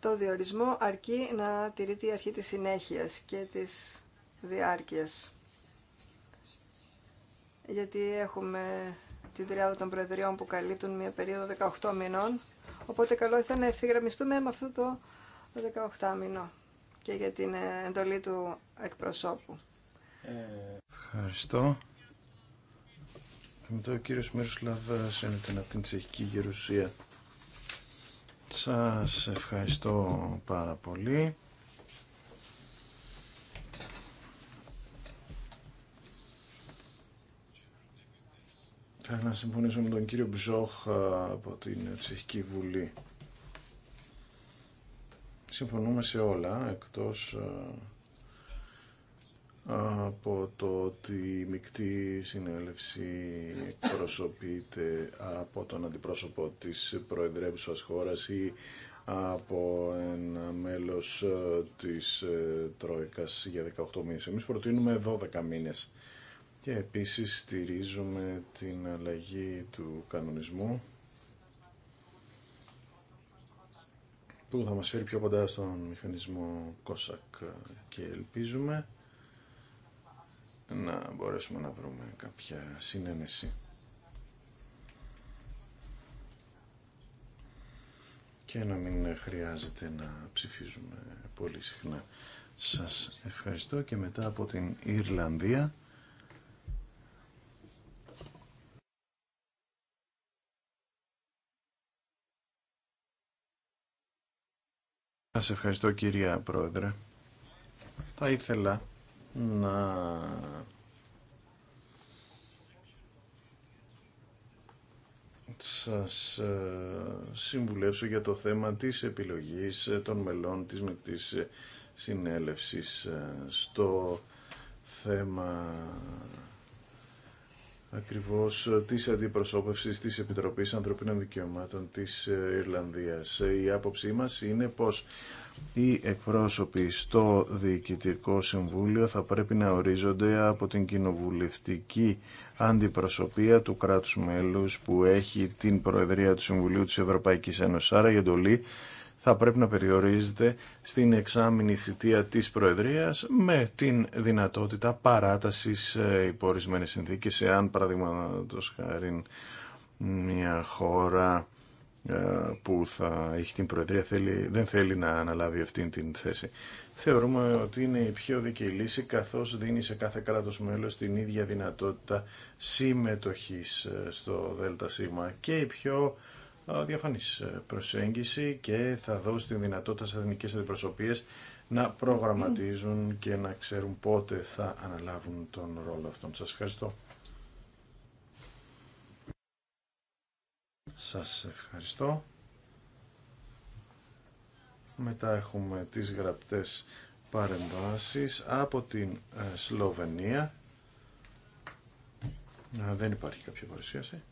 το διορισμό αρκεί να τηρείται η αρχή της συνέχειας και της διάρκειας γιατί έχουμε την τριάδα των προεδριών που καλύπτουν μια περίοδο 18 μηνών, οπότε καλό ήταν να ευθυγραμμιστούμε με αυτό το 18 μηνό και για την ε, εντολή του εκπροσώπου. Ευχαριστώ. Μετά ο κύριος Μύρουσλαβ είναι από την Τσεχική Γερουσία. Σας ευχαριστώ πάρα πολύ. Θα ήθελα να συμφωνήσω με τον κύριο Μπζόχ ε, από την Τσεχική Βουλή. Συμφωνούμε σε όλα, εκτός ε, από το ότι η μεικτή συνέλευση προσωπείται από τον αντιπρόσωπο της προεδρεύουσας χώρας ή από ένα μέλος ε, της Τρόικας για 18 μήνες. Εμείς προτείνουμε 12 μήνες και επίσης στηρίζουμε την αλλαγή του κανονισμού που θα μας φέρει πιο κοντά στον μηχανισμό COSAC και ελπίζουμε να μπορέσουμε να βρούμε κάποια συνένεση. και να μην χρειάζεται να ψηφίζουμε πολύ συχνά. Σας ευχαριστώ και μετά από την Ιρλανδία Σας ευχαριστώ κυρία Πρόεδρε. Θα ήθελα να σας ε, συμβουλεύσω για το θέμα της επιλογής ε, των μελών της Μεκτής ε, Συνέλευσης στο θέμα ακριβώς ε, τη αντιπροσώπευση τη Επιτροπή Ανθρωπίνων Δικαιωμάτων τη ε, Ιρλανδίας. Ε, η άποψή μας είναι πως οι εκπρόσωποι στο Διοικητικό Συμβούλιο θα πρέπει να ορίζονται από την κοινοβουλευτική αντιπροσωπεία του κράτους μέλους που έχει την Προεδρία του Συμβουλίου της Ευρωπαϊκής Ένωσης. Άρα η εντολή θα πρέπει να περιορίζεται στην εξάμεινη θητεία της Προεδρίας με την δυνατότητα παράτασης ε, υπό ορισμένες συνθήκες εάν παραδείγματο χάρη μια χώρα ε, που θα έχει την Προεδρία θέλει, δεν θέλει να αναλάβει αυτήν την θέση. Θεωρούμε ότι είναι η πιο δίκαιη λύση καθώς δίνει σε κάθε κράτος μέλος την ίδια δυνατότητα συμμετοχής ε, στο ΔΣ και η πιο διαφανής ε, προσέγγιση και θα δώσει τη δυνατότητα στι εθνικέ αντιπροσωπείε να προγραμματίζουν και να ξέρουν πότε θα αναλάβουν τον ρόλο αυτόν. Σας ευχαριστώ. Σας ευχαριστώ. Μετά έχουμε τις γραπτές παρεμβάσεις από την ε, Σλοβενία. Δεν υπάρχει κάποια παρουσίαση.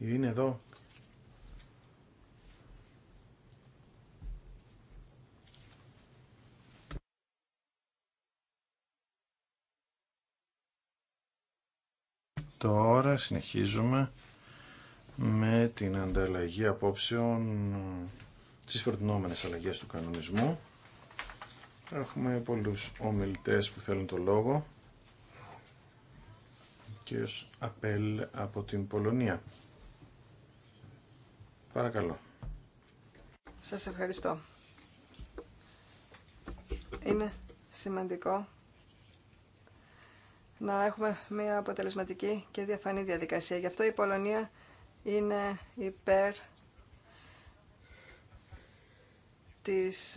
Είναι εδώ. Τώρα συνεχίζουμε με την ανταλλαγή απόψεων στις προτινόμενες αλλαγές του κανονισμού. Έχουμε πολλούς ομιλητές που θέλουν το λόγο. Ο κύριος Απέλ από την Πολωνία. Παρακαλώ. Σας ευχαριστώ. Είναι σημαντικό να έχουμε μια αποτελεσματική και διαφανή διαδικασία. Γι' αυτό η Πολωνία είναι υπέρ της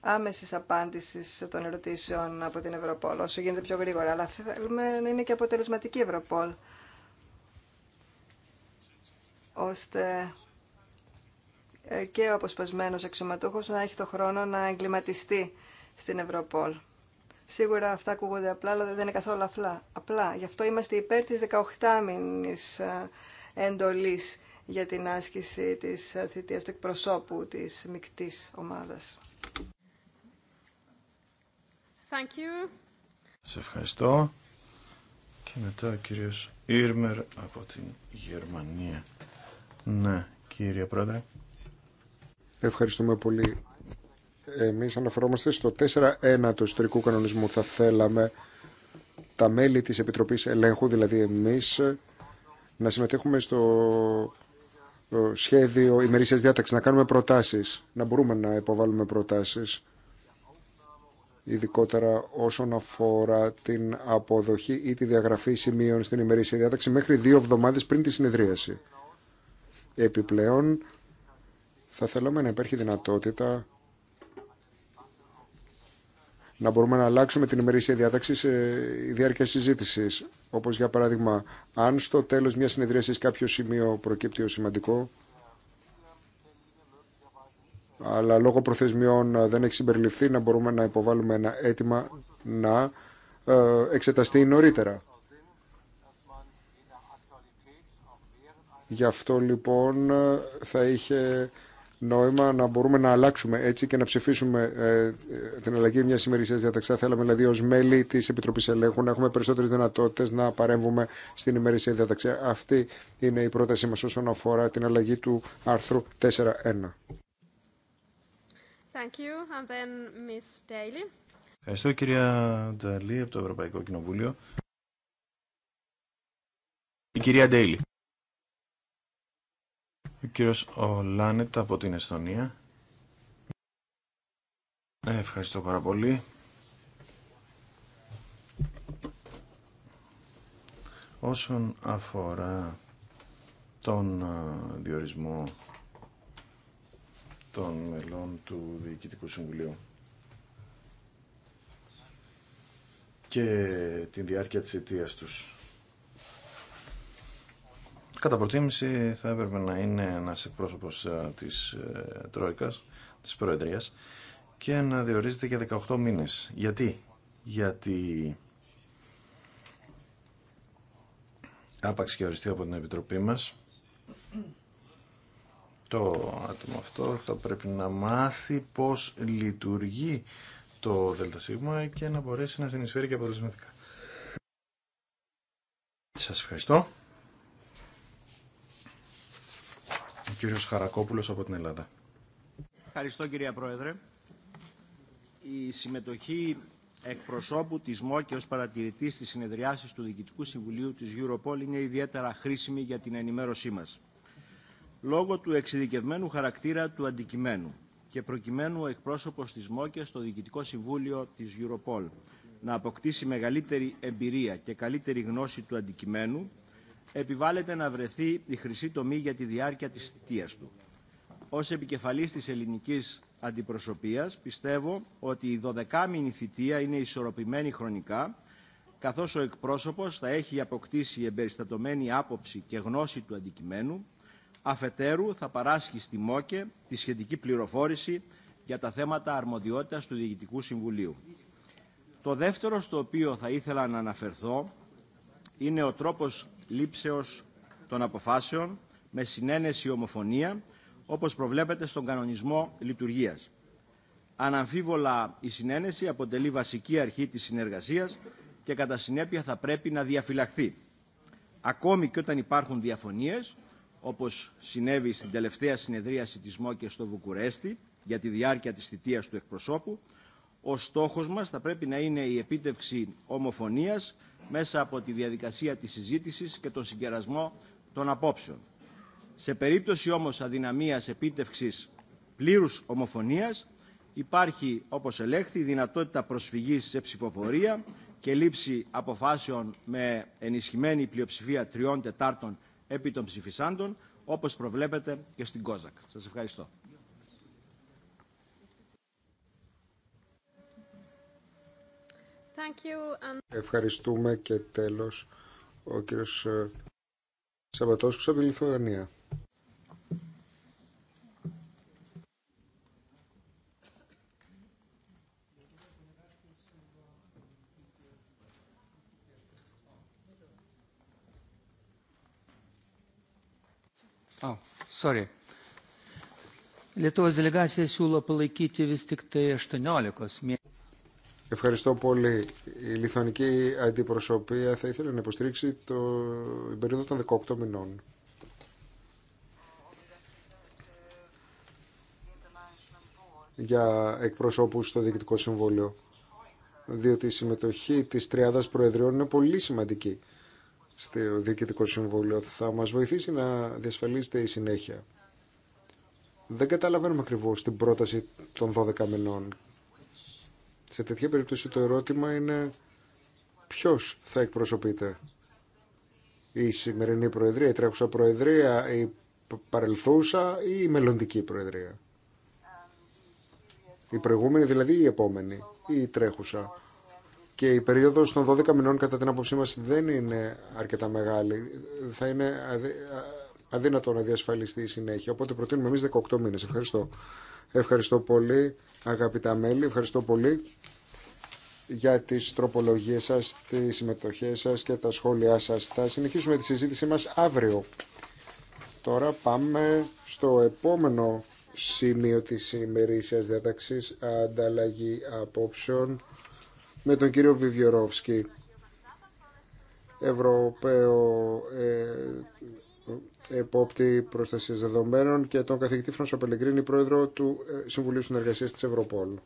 άμεσης απάντησης των ερωτήσεων από την Ευρωπόλ, όσο γίνεται πιο γρήγορα. Αλλά θέλουμε να είναι και αποτελεσματική η Ευρωπόλ ώστε ε, και ο αποσπασμένος αξιωματούχος να έχει το χρόνο να εγκληματιστεί στην Ευρωπόλ. Σίγουρα αυτά ακούγονται απλά, αλλά δεν είναι καθόλου απλά. απλά. Γι' αυτό είμαστε υπέρ της 18μηνης ε, εντολής για την άσκηση της ε, θητείας του εκπροσώπου της μικτής ομάδας. Thank Σε ευχαριστώ. Και μετά ο κύριος Ήρμερ από την Γερμανία. Ναι, κύριε Πρόεδρε. Ευχαριστούμε πολύ. Εμείς αναφερόμαστε στο 4.1 του ιστορικού κανονισμού. Θα θέλαμε τα μέλη της Επιτροπής Ελέγχου, δηλαδή εμείς, να συμμετέχουμε στο ε, σχέδιο ημερήσιας διάταξης, να κάνουμε προτάσεις, να μπορούμε να υποβάλουμε προτάσεις, ειδικότερα όσον αφορά την αποδοχή ή τη διαγραφή σημείων στην ημερήσια διάταξη μέχρι δύο εβδομάδες πριν τη συνεδρίαση. Επιπλέον, θα θέλαμε να υπάρχει δυνατότητα να μπορούμε να αλλάξουμε την ημερήσια διάταξη σε διάρκεια συζήτηση. Όπω για παράδειγμα, αν στο τέλο μια συνεδρίαση κάποιο σημείο προκύπτει ω σημαντικό, αλλά λόγω προθεσμιών δεν έχει συμπεριληφθεί, να μπορούμε να υποβάλουμε ένα αίτημα να ε, εξεταστεί νωρίτερα. Γι' αυτό λοιπόν θα είχε νόημα να μπορούμε να αλλάξουμε έτσι και να ψηφίσουμε ε, την αλλαγή μια ημερησία διαταξία. Θέλαμε δηλαδή ω μέλη τη Επιτροπή Ελέγχου να έχουμε περισσότερε δυνατότητε να παρέμβουμε στην ημερησία διαταξιά. Αυτή είναι η πρότασή μα όσον αφορά την αλλαγή του άρθρου 4.1. Thank you. And then Daly. Ευχαριστώ κυρία Νταλή από το Ευρωπαϊκό Κοινοβούλιο. Η κυρία Ντέιλι. Ο κύριος Λάνετ από την Εστονία. Ε, ευχαριστώ πάρα πολύ. Όσον αφορά τον ε, διορισμό των μελών του Διοικητικού Συμβουλίου και την διάρκεια της αιτίας τους. Κατά προτίμηση θα έπρεπε να είναι ένας πρόσωπος ε, της ε, Τρόικας, της Προεδρίας και να διορίζεται για 18 μήνες. Γιατί? Γιατί άπαξ και οριστεί από την Επιτροπή μας το άτομο αυτό θα πρέπει να μάθει πώς λειτουργεί το ΔΣ και να μπορέσει να συνεισφέρει και αποτελεσματικά. Σας ευχαριστώ. Ο κύριος Χαρακόπουλος από την Ελλάδα. Ευχαριστώ κυρία Πρόεδρε. Η συμμετοχή εκπροσώπου της ΜΟΚΕ ως παρατηρητής της συνεδριάσης του Διοικητικού Συμβουλίου της Europol είναι ιδιαίτερα χρήσιμη για την ενημέρωσή μας. Λόγω του εξειδικευμένου χαρακτήρα του αντικειμένου και προκειμένου ο εκπρόσωπος της ΜΟΚΕ στο Διοικητικό Συμβούλιο της Europol να αποκτήσει μεγαλύτερη εμπειρία και καλύτερη γνώση του αντικειμένου επιβάλλεται να βρεθεί η χρυσή τομή για τη διάρκεια της θητείας του. Ως επικεφαλής της ελληνικής αντιπροσωπείας πιστεύω ότι η 12μηνη θητεία είναι ισορροπημένη χρονικά καθώς ο εκπρόσωπος θα έχει αποκτήσει εμπεριστατωμένη άποψη και γνώση του αντικειμένου αφετέρου θα παράσχει στη ΜΟΚΕ τη σχετική πληροφόρηση για τα θέματα αρμοδιότητας του Διοικητικού Συμβουλίου. Το δεύτερο στο οποίο θα ήθελα να αναφερθώ είναι ο τρόπος λήψεως των αποφάσεων με συνένεση ομοφωνία, όπως προβλέπεται στον κανονισμό λειτουργίας. Αναμφίβολα η συνένεση αποτελεί βασική αρχή της συνεργασίας και κατά συνέπεια θα πρέπει να διαφυλαχθεί. Ακόμη και όταν υπάρχουν διαφωνίες, όπως συνέβη στην τελευταία συνεδρίαση της ΜΟΚΕ στο Βουκουρέστι για τη διάρκεια της θητείας του εκπροσώπου, ο στόχος μας θα πρέπει να είναι η επίτευξη ομοφωνίας μέσα από τη διαδικασία της συζήτησης και τον συγκερασμό των απόψεων. Σε περίπτωση όμως αδυναμίας επίτευξης πλήρους ομοφωνίας υπάρχει, όπως ελέγχθη, δυνατότητα προσφυγής σε ψηφοφορία και λήψη αποφάσεων με ενισχυμένη πλειοψηφία τριών τετάρτων επί των ψηφισάντων, όπως προβλέπεται και στην ΚΟΖΑΚ. Σας ευχαριστώ. Ευχαριστούμε και τέλος ο κύριος Σαμπατόσκος από τη Λιθουανία. sorry. Lietuvos delegacija siūlo palaikyti vis tik tai 18 mėnesių. Ευχαριστώ πολύ. Η λιθανική αντιπροσωπεία θα ήθελε να υποστηρίξει το την περίοδο των 18 μηνών. για εκπροσώπους στο Διοικητικό Συμβούλιο διότι η συμμετοχή της Τριάδας Προεδριών είναι πολύ σημαντική στο Διοικητικό Συμβούλιο. Θα μας βοηθήσει να διασφαλίσετε η συνέχεια. Δεν καταλαβαίνουμε ακριβώς την πρόταση των 12 μηνών σε τέτοια περίπτωση το ερώτημα είναι ποιος θα εκπροσωπείται. Η σημερινή Προεδρία, η τρέχουσα Προεδρία, η παρελθούσα ή η μελλοντική Προεδρία. Η προηγούμενη δηλαδή ή η επόμενη ή η τρέχουσα. Και η περίοδος των 12 μηνών κατά την άποψή μας δεν είναι αρκετά μεγάλη. Θα είναι αδύνατο να διασφαλιστεί η συνέχεια. Οπότε προτείνουμε εμείς 18 μήνες. Ευχαριστώ. Ευχαριστώ πολύ αγαπητά μέλη, ευχαριστώ πολύ για τις τροπολογίες σας, τις συμμετοχές σας και τα σχόλιά σας. Θα συνεχίσουμε τη συζήτησή μας αύριο. Τώρα πάμε στο επόμενο σημείο της ημερήσιας διάταξης ανταλλαγή απόψεων με τον κύριο Βιβιορόφσκι, Ευρωπαίο ε, επόπτη προστασία δεδομένων και τον καθηγητή Φρανσο Πελεγκρίνη, πρόεδρο του ε, Συμβουλίου Συνεργασίας της Ευρωπόλου.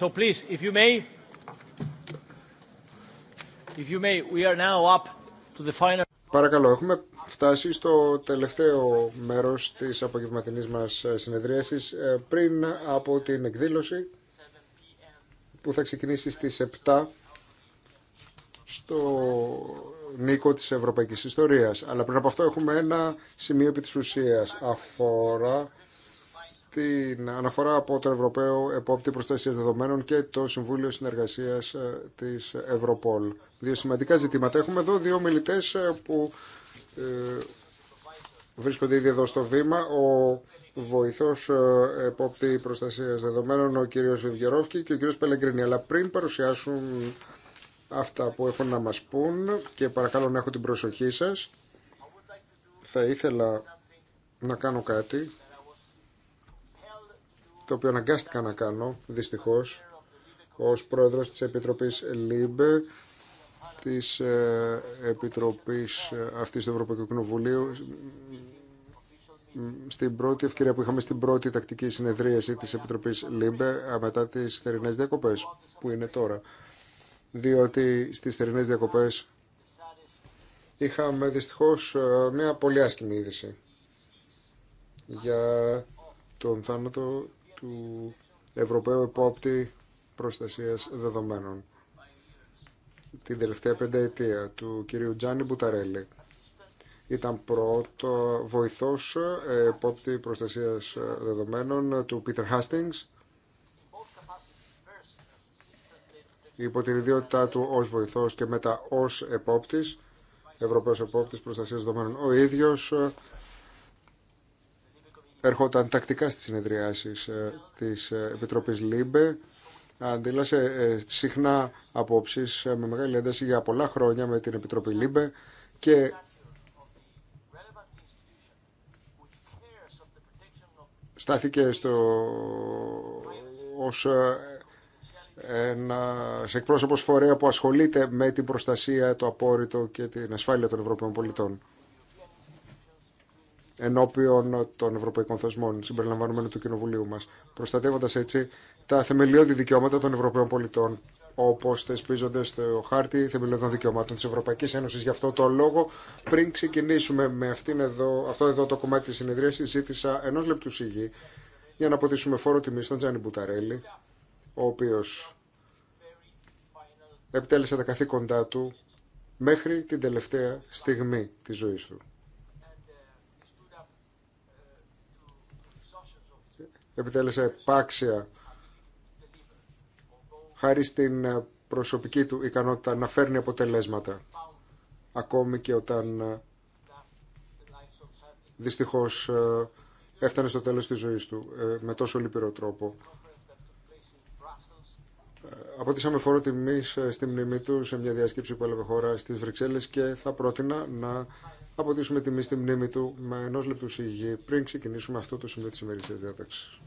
So please, Παρακαλώ, έχουμε φτάσει στο τελευταίο μέρος της απογευματινής μας ε, συνεδρίασης ε, πριν από την εκδήλωση που θα ξεκινήσει στις 7 στο νίκο της Ευρωπαϊκής Ιστορίας. Αλλά πριν από αυτό έχουμε ένα σημείο επί της ουσίας. Αφορά την αναφορά από τον Ευρωπαίο Επόπτη Προστασίας Δεδομένων και το Συμβούλιο Συνεργασίας ε, της Ευρωπόλ. Δύο σημαντικά ζητήματα. Έχουμε εδώ δύο μιλητέ ε, που ε, βρίσκονται ήδη εδώ στο βήμα. Ο βοηθός Επόπτη Προστασίας Δεδομένων, ο κύριος Βιβγερόφκη και ο κύριος Πελεγκρίνη. Αλλά πριν παρουσιάσουν αυτά που έχουν να μας πούν και παρακαλώ να έχω την προσοχή σας, θα ήθελα να κάνω κάτι το οποίο αναγκάστηκα να κάνω δυστυχώς ως πρόεδρος της Επιτροπής ΛΥΜΠΕ της ε, Επιτροπής ε, αυτής του Ευρωπαϊκού Κοινοβουλίου στην πρώτη ευκαιρία που είχαμε στην πρώτη τακτική συνεδρίαση της Επιτροπής ΛΥΜΠΕ μετά τις θερινές διακοπές που είναι τώρα διότι στις θερινές διακοπές είχαμε δυστυχώς ε, μια πολύ άσκημη είδηση για τον θάνατο του Ευρωπαίου Επόπτη Προστασίας Δεδομένων την τελευταία πενταετία του κυρίου Τζάνι Μπουταρέλη. Ήταν πρώτο βοηθός ε, επόπτη προστασίας δεδομένων του Πίτερ Χάστινγκς υπό την ιδιότητά του ως βοηθός και μετά ως επόπτης, Ευρωπαίος Επόπτης Προστασίας Δεδομένων. Ο ίδιος ερχόταν τακτικά στις συνεδριάσεις ε, της ε, Επιτροπής ΛΥΜΠΕ αντίλασε ε, συχνά απόψεις με μεγάλη ένταση για πολλά χρόνια με την Επιτροπή ΛΥΜΠΕ και στάθηκε στο ως ένα εκπρόσωπος φορέα που ασχολείται με την προστασία, το απόρριτο και την ασφάλεια των Ευρωπαίων πολιτών ενώπιον των ευρωπαϊκών θεσμών, συμπεριλαμβανομένου του Κοινοβουλίου μα, προστατεύοντα έτσι τα θεμελιώδη δικαιώματα των Ευρωπαίων πολιτών όπω θεσπίζονται στο χάρτη θεμελιωδών δικαιωμάτων τη Ευρωπαϊκή Ένωση. Γι' αυτό το λόγο, πριν ξεκινήσουμε με αυτήν εδώ, αυτό εδώ το κομμάτι τη συνεδρίαση, ζήτησα ενό λεπτού σιγή για να αποτίσουμε φόρο τιμή στον Τζάνι Μπουταρέλη, ο οποίο επιτέλεσε τα καθήκοντά του μέχρι την τελευταία στιγμή της ζωής του. επιτέλεσε επάξια χάρη στην ε, προσωπική του ικανότητα να φέρνει αποτελέσματα ακόμη και όταν ε, δυστυχώς ε, έφτανε στο τέλος της ζωής του με τόσο λυπηρό τρόπο. Αποτίσαμε φόρο τιμή στη μνημή του σε μια διάσκεψη που έλεγε χώρα στις Βρυξέλλες και θα πρότεινα να αποτίσουμε τιμή στη μνήμη του με ενός λεπτού συγγύη πριν ξεκινήσουμε αυτό το σημείο της ημερησίας διάταξης.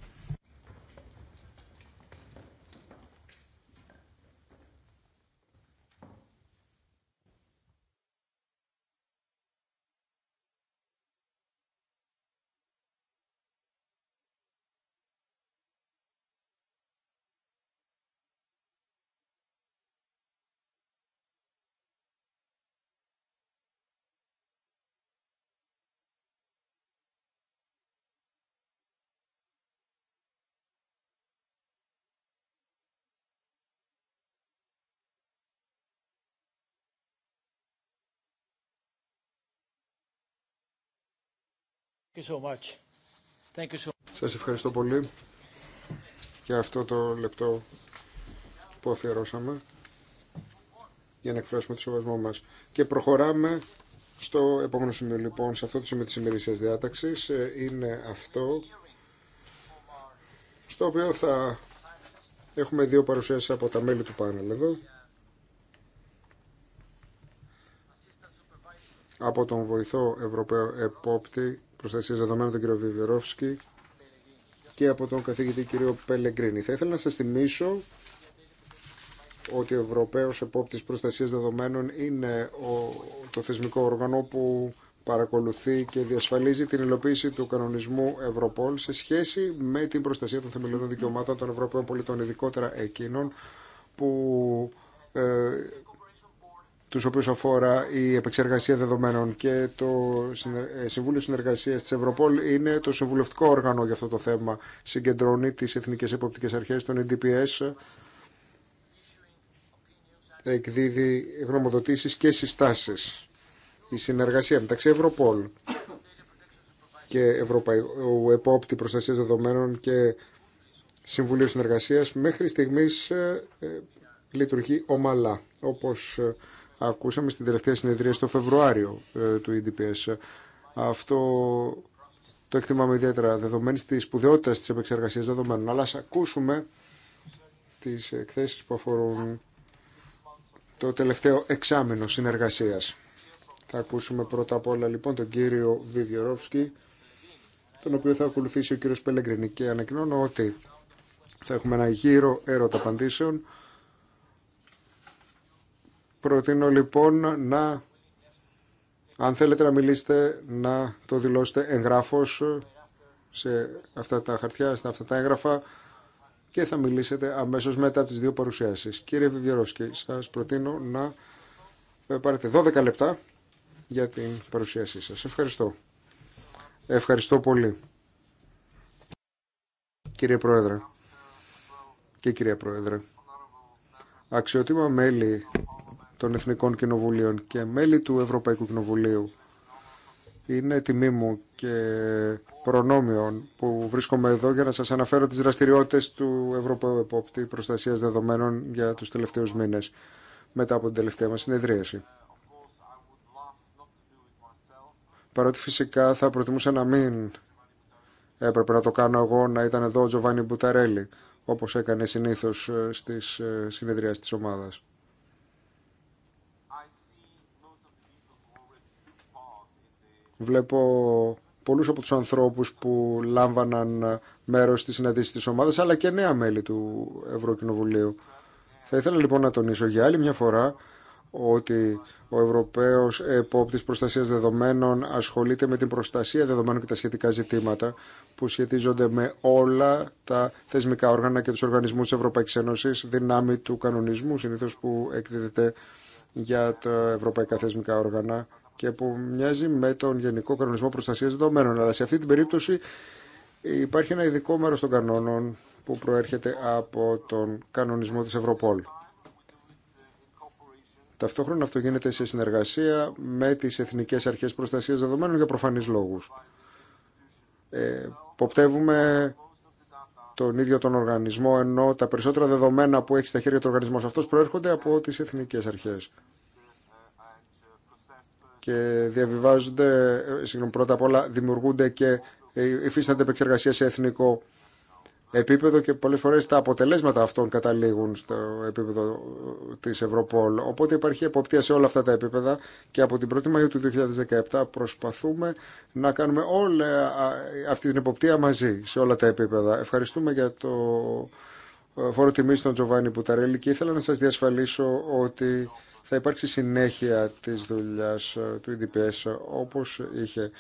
Σα Σας ευχαριστώ πολύ για αυτό το λεπτό που αφιερώσαμε για να εκφράσουμε το σεβασμό μας. Και προχωράμε στο επόμενο σημείο λοιπόν, σε αυτό το σημείο τη ημερήσιας διάταξης ε, είναι αυτό στο οποίο θα έχουμε δύο παρουσιάσει από τα μέλη του πάνελ εδώ από τον βοηθό Ευρωπαίο Επόπτη Προστασία δεδομένων τον κύριο Βιβερόφσκι και από τον καθηγητή κύριο Πελεγκρίνη. Θα ήθελα να σας θυμίσω ότι ο Ευρωπαίος Επόπτης Προστασίας Δεδομένων είναι το θεσμικό όργανο που παρακολουθεί και διασφαλίζει την υλοποίηση του κανονισμού Ευρωπόλ σε σχέση με την προστασία των θεμελιωδών δικαιωμάτων των Ευρωπαίων πολιτών, ειδικότερα εκείνων που ε, τους οποίους αφορά η επεξεργασία δεδομένων και το ε, Συμβούλιο Συνεργασίας της Ευρωπόλ είναι το συμβουλευτικό όργανο για αυτό το θέμα. Συγκεντρώνει τις Εθνικές Εποπτικές Αρχές, τον EDPS, εκδίδει γνωμοδοτήσεις και συστάσεις. Η συνεργασία μεταξύ Ευρωπόλ και Ευρωπαϊκού Επόπτη Προστασίας Δεδομένων και Συμβουλίου Συνεργασίας μέχρι στιγμής ε, ε, λειτουργεί ομαλά, όπως ακούσαμε στην τελευταία συνεδρία στο Φεβρουάριο ε, του EDPS. Αυτό το εκτιμάμε ιδιαίτερα δεδομένη τη σπουδαιότητα τη επεξεργασία δεδομένων. Αλλά α ακούσουμε τι εκθέσει που αφορούν το τελευταίο εξάμεινο συνεργασία. Θα ακούσουμε πρώτα απ' όλα λοιπόν τον κύριο Βιβιερόφσκι, τον οποίο θα ακολουθήσει ο κύριος Πελεγκρινή και ανακοινώνω ότι θα έχουμε ένα γύρο έρωτα απαντήσεων Προτείνω λοιπόν να, αν θέλετε να μιλήσετε, να το δηλώσετε εγγράφως σε αυτά τα χαρτιά, σε αυτά τα έγγραφα και θα μιλήσετε αμέσως μετά τις δύο παρουσιάσεις. Κύριε Βιβιερόσκη, σας προτείνω να ε, πάρετε 12 λεπτά για την παρουσίασή σας. Ευχαριστώ. Ευχαριστώ πολύ. Κύριε Πρόεδρε και κυρία Πρόεδρε, αξιότιμα μέλη των Εθνικών Κοινοβουλίων και μέλη του Ευρωπαϊκού Κοινοβουλίου. Είναι τιμή μου και προνόμιον που βρίσκομαι εδώ για να σας αναφέρω τις δραστηριότητες του Ευρωπαϊκού Επόπτη Προστασίας Δεδομένων για τους τελευταίους μήνες μετά από την τελευταία μας συνεδρίαση. Παρότι φυσικά θα προτιμούσα να μην έπρεπε να το κάνω εγώ να ήταν εδώ ο Τζοβάνι Μπουταρέλη όπως έκανε συνήθως ε, στις ε, συνεδριάσεις της ομάδας. Βλέπω πολλούς από τους ανθρώπους που λάμβαναν μέρος στις συναντήσεις της ομάδας, αλλά και νέα μέλη του Ευρωκοινοβουλίου. Θα ήθελα λοιπόν να τονίσω για άλλη μια φορά ότι ο Ευρωπαίος Επόπτης Προστασίας Δεδομένων ασχολείται με την προστασία δεδομένων και τα σχετικά ζητήματα που σχετίζονται με όλα τα θεσμικά όργανα και τους οργανισμούς της Ευρωπαϊκής Ένωσης, δυνάμει του κανονισμού συνήθως που εκδίδεται για τα ευρωπαϊκά θεσμικά όργανα και που μοιάζει με τον Γενικό Κανονισμό Προστασίας Δεδομένων. Αλλά σε αυτή την περίπτωση υπάρχει ένα ειδικό μέρος των κανόνων που προέρχεται από τον κανονισμό της Ευρωπόλ. Ταυτόχρονα αυτό γίνεται σε συνεργασία με τις Εθνικές Αρχές Προστασίας Δεδομένων για προφανείς λόγους. Ε, ποπτεύουμε τον ίδιο τον οργανισμό, ενώ τα περισσότερα δεδομένα που έχει στα χέρια του οργανισμού Αυτό προέρχονται από τι εθνικέ αρχέ και διαβιβάζονται, ε, συγγνώμη, πρώτα απ' όλα δημιουργούνται και ε, υφίστανται επεξεργασία σε εθνικό επίπεδο και πολλές φορές τα αποτελέσματα αυτών καταλήγουν στο επίπεδο ε, της Ευρωπόλ. Οπότε υπάρχει εποπτεία σε όλα αυτά τα επίπεδα και από την 1η Μαΐου του 2017 προσπαθούμε να κάνουμε όλη αυτή την εποπτεία μαζί σε όλα τα επίπεδα. Ευχαριστούμε για το φόρο τιμής στον Τζοβάνι Πουταρέλη και ήθελα να σας διασφαλίσω ότι θα υπάρξει συνέχεια της δουλειάς ε, του EDPS ε, όπως είχε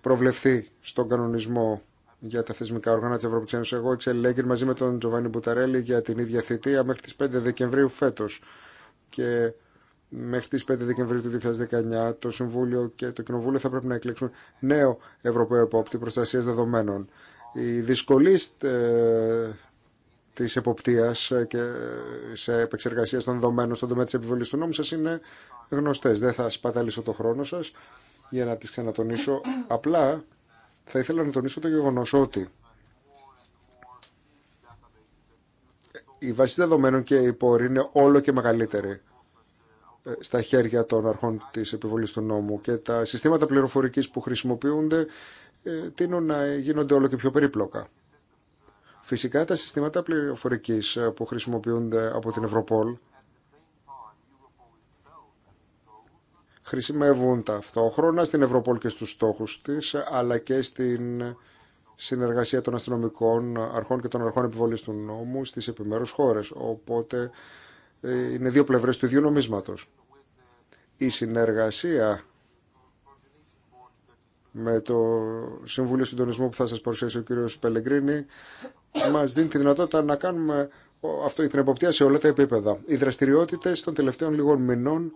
προβλεφθεί στον κανονισμό για τα θεσμικά όργανα της Ευρωπαϊκής Ένωσης. Εγώ εξελέγγυρ μαζί με τον Τζοβάνι Μπουταρέλη για την ίδια θητεία μέχρι τις 5 Δεκεμβρίου φέτος. Και μέχρι τις 5 Δεκεμβρίου του 2019 το Συμβούλιο και το Κοινοβούλιο θα πρέπει να εκλέξουν νέο Ευρωπαίο Επόπτη Προστασίας Δεδομένων. Οι δυσκολίες ε, τη εποπτεία ε, και σε επεξεργασία των δεδομένων στον τομέα τη επιβολή του νόμου σα είναι γνωστέ. Δεν θα σπαταλήσω το χρόνο σα για να τι ξανατονίσω. Απλά θα ήθελα να τονίσω το γεγονό ότι η βάση δεδομένων και η πόροι είναι όλο και μεγαλύτερη ε, στα χέρια των αρχών της επιβολής του νόμου και τα συστήματα πληροφορικής που χρησιμοποιούνται ε, τείνουν να γίνονται όλο και πιο περίπλοκα. Φυσικά τα συστήματα πληροφορικής ε, που χρησιμοποιούνται από την Ευρωπόλ χρησιμεύουν ταυτόχρονα στην Ευρωπόλ και στους στόχους της, αλλά και στην συνεργασία των αστυνομικών αρχών και των αρχών επιβολής του νόμου στις επιμέρους χώρες. Οπότε ε, είναι δύο πλευρές του ίδιου νομίσματος. Η συνεργασία με το Συμβούλιο Συντονισμού που θα σας παρουσιάσει ο κύριος Πελεγκρίνη Μα δίνει τη δυνατότητα να κάνουμε αυτό την εποπτεία σε όλα τα επίπεδα. Οι δραστηριότητες των τελευταίων λίγων μηνών,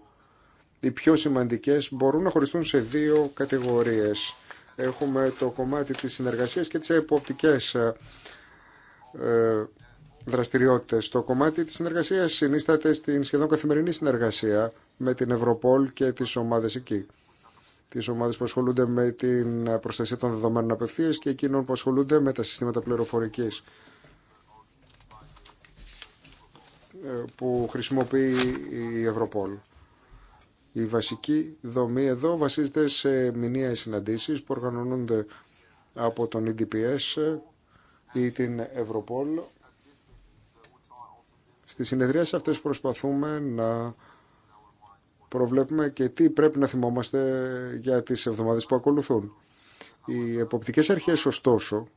οι πιο σημαντικές, μπορούν να χωριστούν σε δύο κατηγορίες. Έχουμε το κομμάτι της συνεργασία και τις εποπτικές ε, ε, δραστηριότητες. Το κομμάτι της συνεργασίας συνίσταται στην σχεδόν καθημερινή συνεργασία με την Ευρωπόλ και τις ομάδες εκεί τις ομάδες που ασχολούνται με την προστασία των δεδομένων απευθείας και εκείνων που ασχολούνται με τα συστήματα πληροφορικής ε, που χρησιμοποιεί η Ευρωπόλ. Η βασική δομή εδώ βασίζεται σε μηνιαίε συναντήσει που οργανώνονται από τον EDPS ε, ή την Ευρωπόλ. Στις συνεδρίες αυτές προσπαθούμε να προβλέπουμε και τι πρέπει να θυμόμαστε για τις εβδομάδες που ακολουθούν. Οι εποπτικές αρχές, ωστόσο,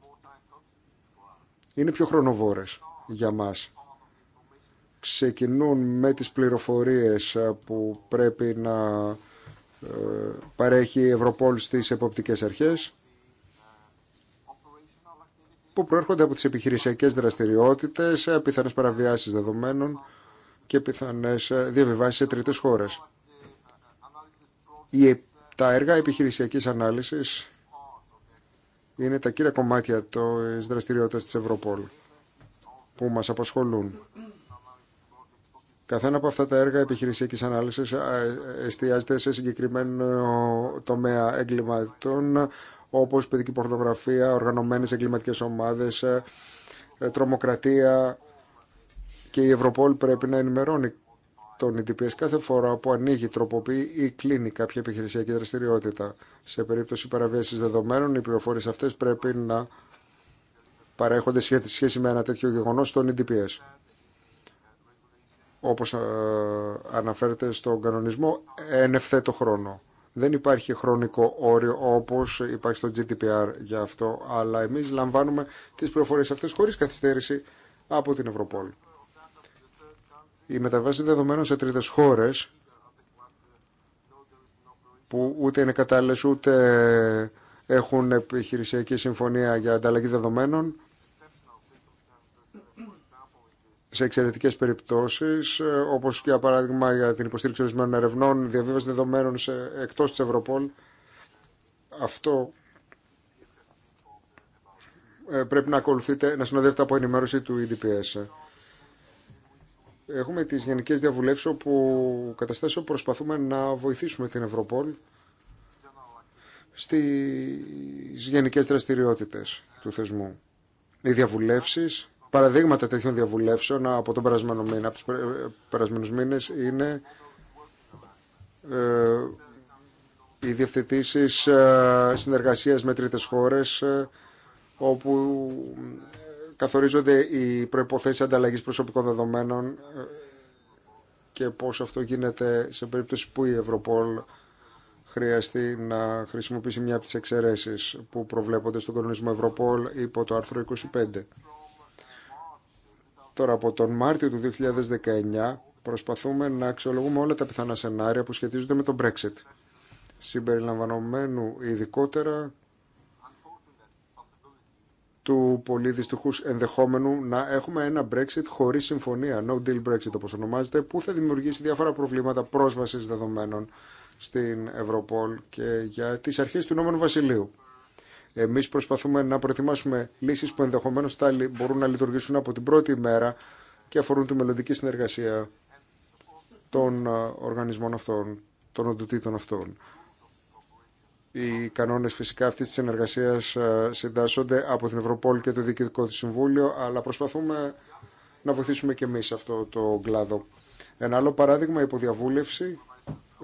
είναι πιο χρονοβόρες για μας. Ξεκινούν με τις πληροφορίες που πρέπει να ε, παρέχει η Ευρωπόλ στις εποπτικές αρχές που προέρχονται από τις επιχειρησιακές δραστηριότητες, ε, πιθανές παραβιάσεις δεδομένων και πιθανές ε, διαβιβάσεις σε τρίτες χώρες. Τα έργα επιχειρησιακής ανάλυσης είναι τα κύρια κομμάτια της δραστηριότητας της Ευρωπόλ που μας απασχολούν. Καθένα από αυτά τα έργα επιχειρησιακής ανάλυσης ε, ε, εστιάζεται σε συγκεκριμένο τομέα εγκληματών όπως παιδική πορτογραφία, οργανωμένες εγκληματικές ομάδες, ε, τρομοκρατία και η Ευρωπόλ πρέπει να ενημερώνει τον EDPS κάθε φορά που ανοίγει, τροποποιεί ή κλείνει κάποια επιχειρησιακή δραστηριότητα. Σε περίπτωση παραβίαση δεδομένων, οι πληροφορίε αυτέ πρέπει να παρέχονται σε σχέση με ένα τέτοιο γεγονό στον EDPS. όπω ε, αναφέρεται στον κανονισμό, εν χρόνο. Δεν υπάρχει χρονικό όριο όπω υπάρχει στο GDPR για αυτό, αλλά εμεί λαμβάνουμε τι πληροφορίε αυτέ χωρί καθυστέρηση από την Ευρωπόλη η μεταβάση δεδομένων σε τρίτες χώρες που ούτε είναι κατάλληλες ούτε έχουν επιχειρησιακή συμφωνία για ανταλλαγή δεδομένων σε εξαιρετικέ περιπτώσει, όπω για παράδειγμα για την υποστήριξη ορισμένων ερευνών, διαβίβαση δεδομένων εκτό τη Ευρωπόλ. Αυτό ε, πρέπει να ακολουθείτε, να συνοδεύεται από ενημέρωση του EDPS έχουμε τις γενικές διαβουλεύσεις όπου καταστάσεις προσπαθούμε να βοηθήσουμε την Ευρωπόλ στις γενικές δραστηριότητες του θεσμού. Οι διαβουλεύσεις, παραδείγματα τέτοιων διαβουλεύσεων από τον περασμένο μήνα, από τους περασμένους μήνες είναι ε, οι διευθετήσεις ε, συνεργασίας με τρίτες χώρες ε, όπου καθορίζονται οι προϋποθέσεις ανταλλαγής προσωπικών δεδομένων ε, και πώς αυτό γίνεται σε περίπτωση που η Ευρωπόλ χρειαστεί να χρησιμοποιήσει μια από τις εξαιρέσεις που προβλέπονται στον κανονισμό Ευρωπόλ υπό το άρθρο 25. Τώρα από τον Μάρτιο του 2019 προσπαθούμε να αξιολογούμε όλα τα πιθανά σενάρια που σχετίζονται με τον Brexit συμπεριλαμβανομένου ειδικότερα του πολύ δυστυχούς ενδεχόμενου να έχουμε ένα Brexit χωρίς συμφωνία, no deal Brexit όπως ονομάζεται, που θα δημιουργήσει διάφορα προβλήματα πρόσβασης δεδομένων στην Ευρωπόλ και για τις αρχές του νόμου Βασιλείου. Εμείς προσπαθούμε να προετοιμάσουμε λύσεις που ενδεχομένως θα μπορούν να λειτουργήσουν από την πρώτη ημέρα και αφορούν τη μελλοντική συνεργασία των ε, οργανισμών αυτών, των οντοτήτων αυτών. Οι κανόνε φυσικά αυτή τη συνεργασία ε, συντάσσονται από την Ευρωπόλη και το Διοικητικό του Συμβούλιο, αλλά προσπαθούμε να βοηθήσουμε και εμεί αυτό το κλάδο. Ένα άλλο παράδειγμα υποδιαβούλευση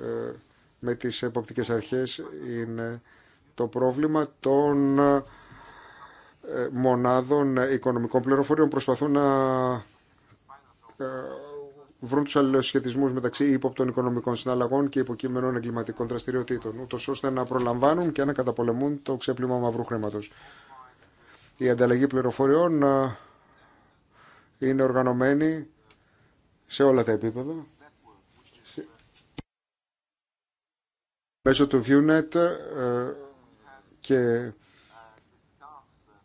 ε, με τις εποπτικέ αρχές είναι το πρόβλημα των ε, μονάδων οικονομικών πληροφοριών. Προσπαθούν να βρουν του αλληλοσχετισμού μεταξύ ύποπτων οικονομικών συναλλαγών και υποκείμενων εγκληματικών δραστηριοτήτων, ούτω ώστε να προλαμβάνουν και να καταπολεμούν το ξέπλυμα μαύρου χρήματο. Η ανταλλαγή πληροφοριών είναι οργανωμένη σε όλα τα επίπεδα. Μέσω του ViewNet και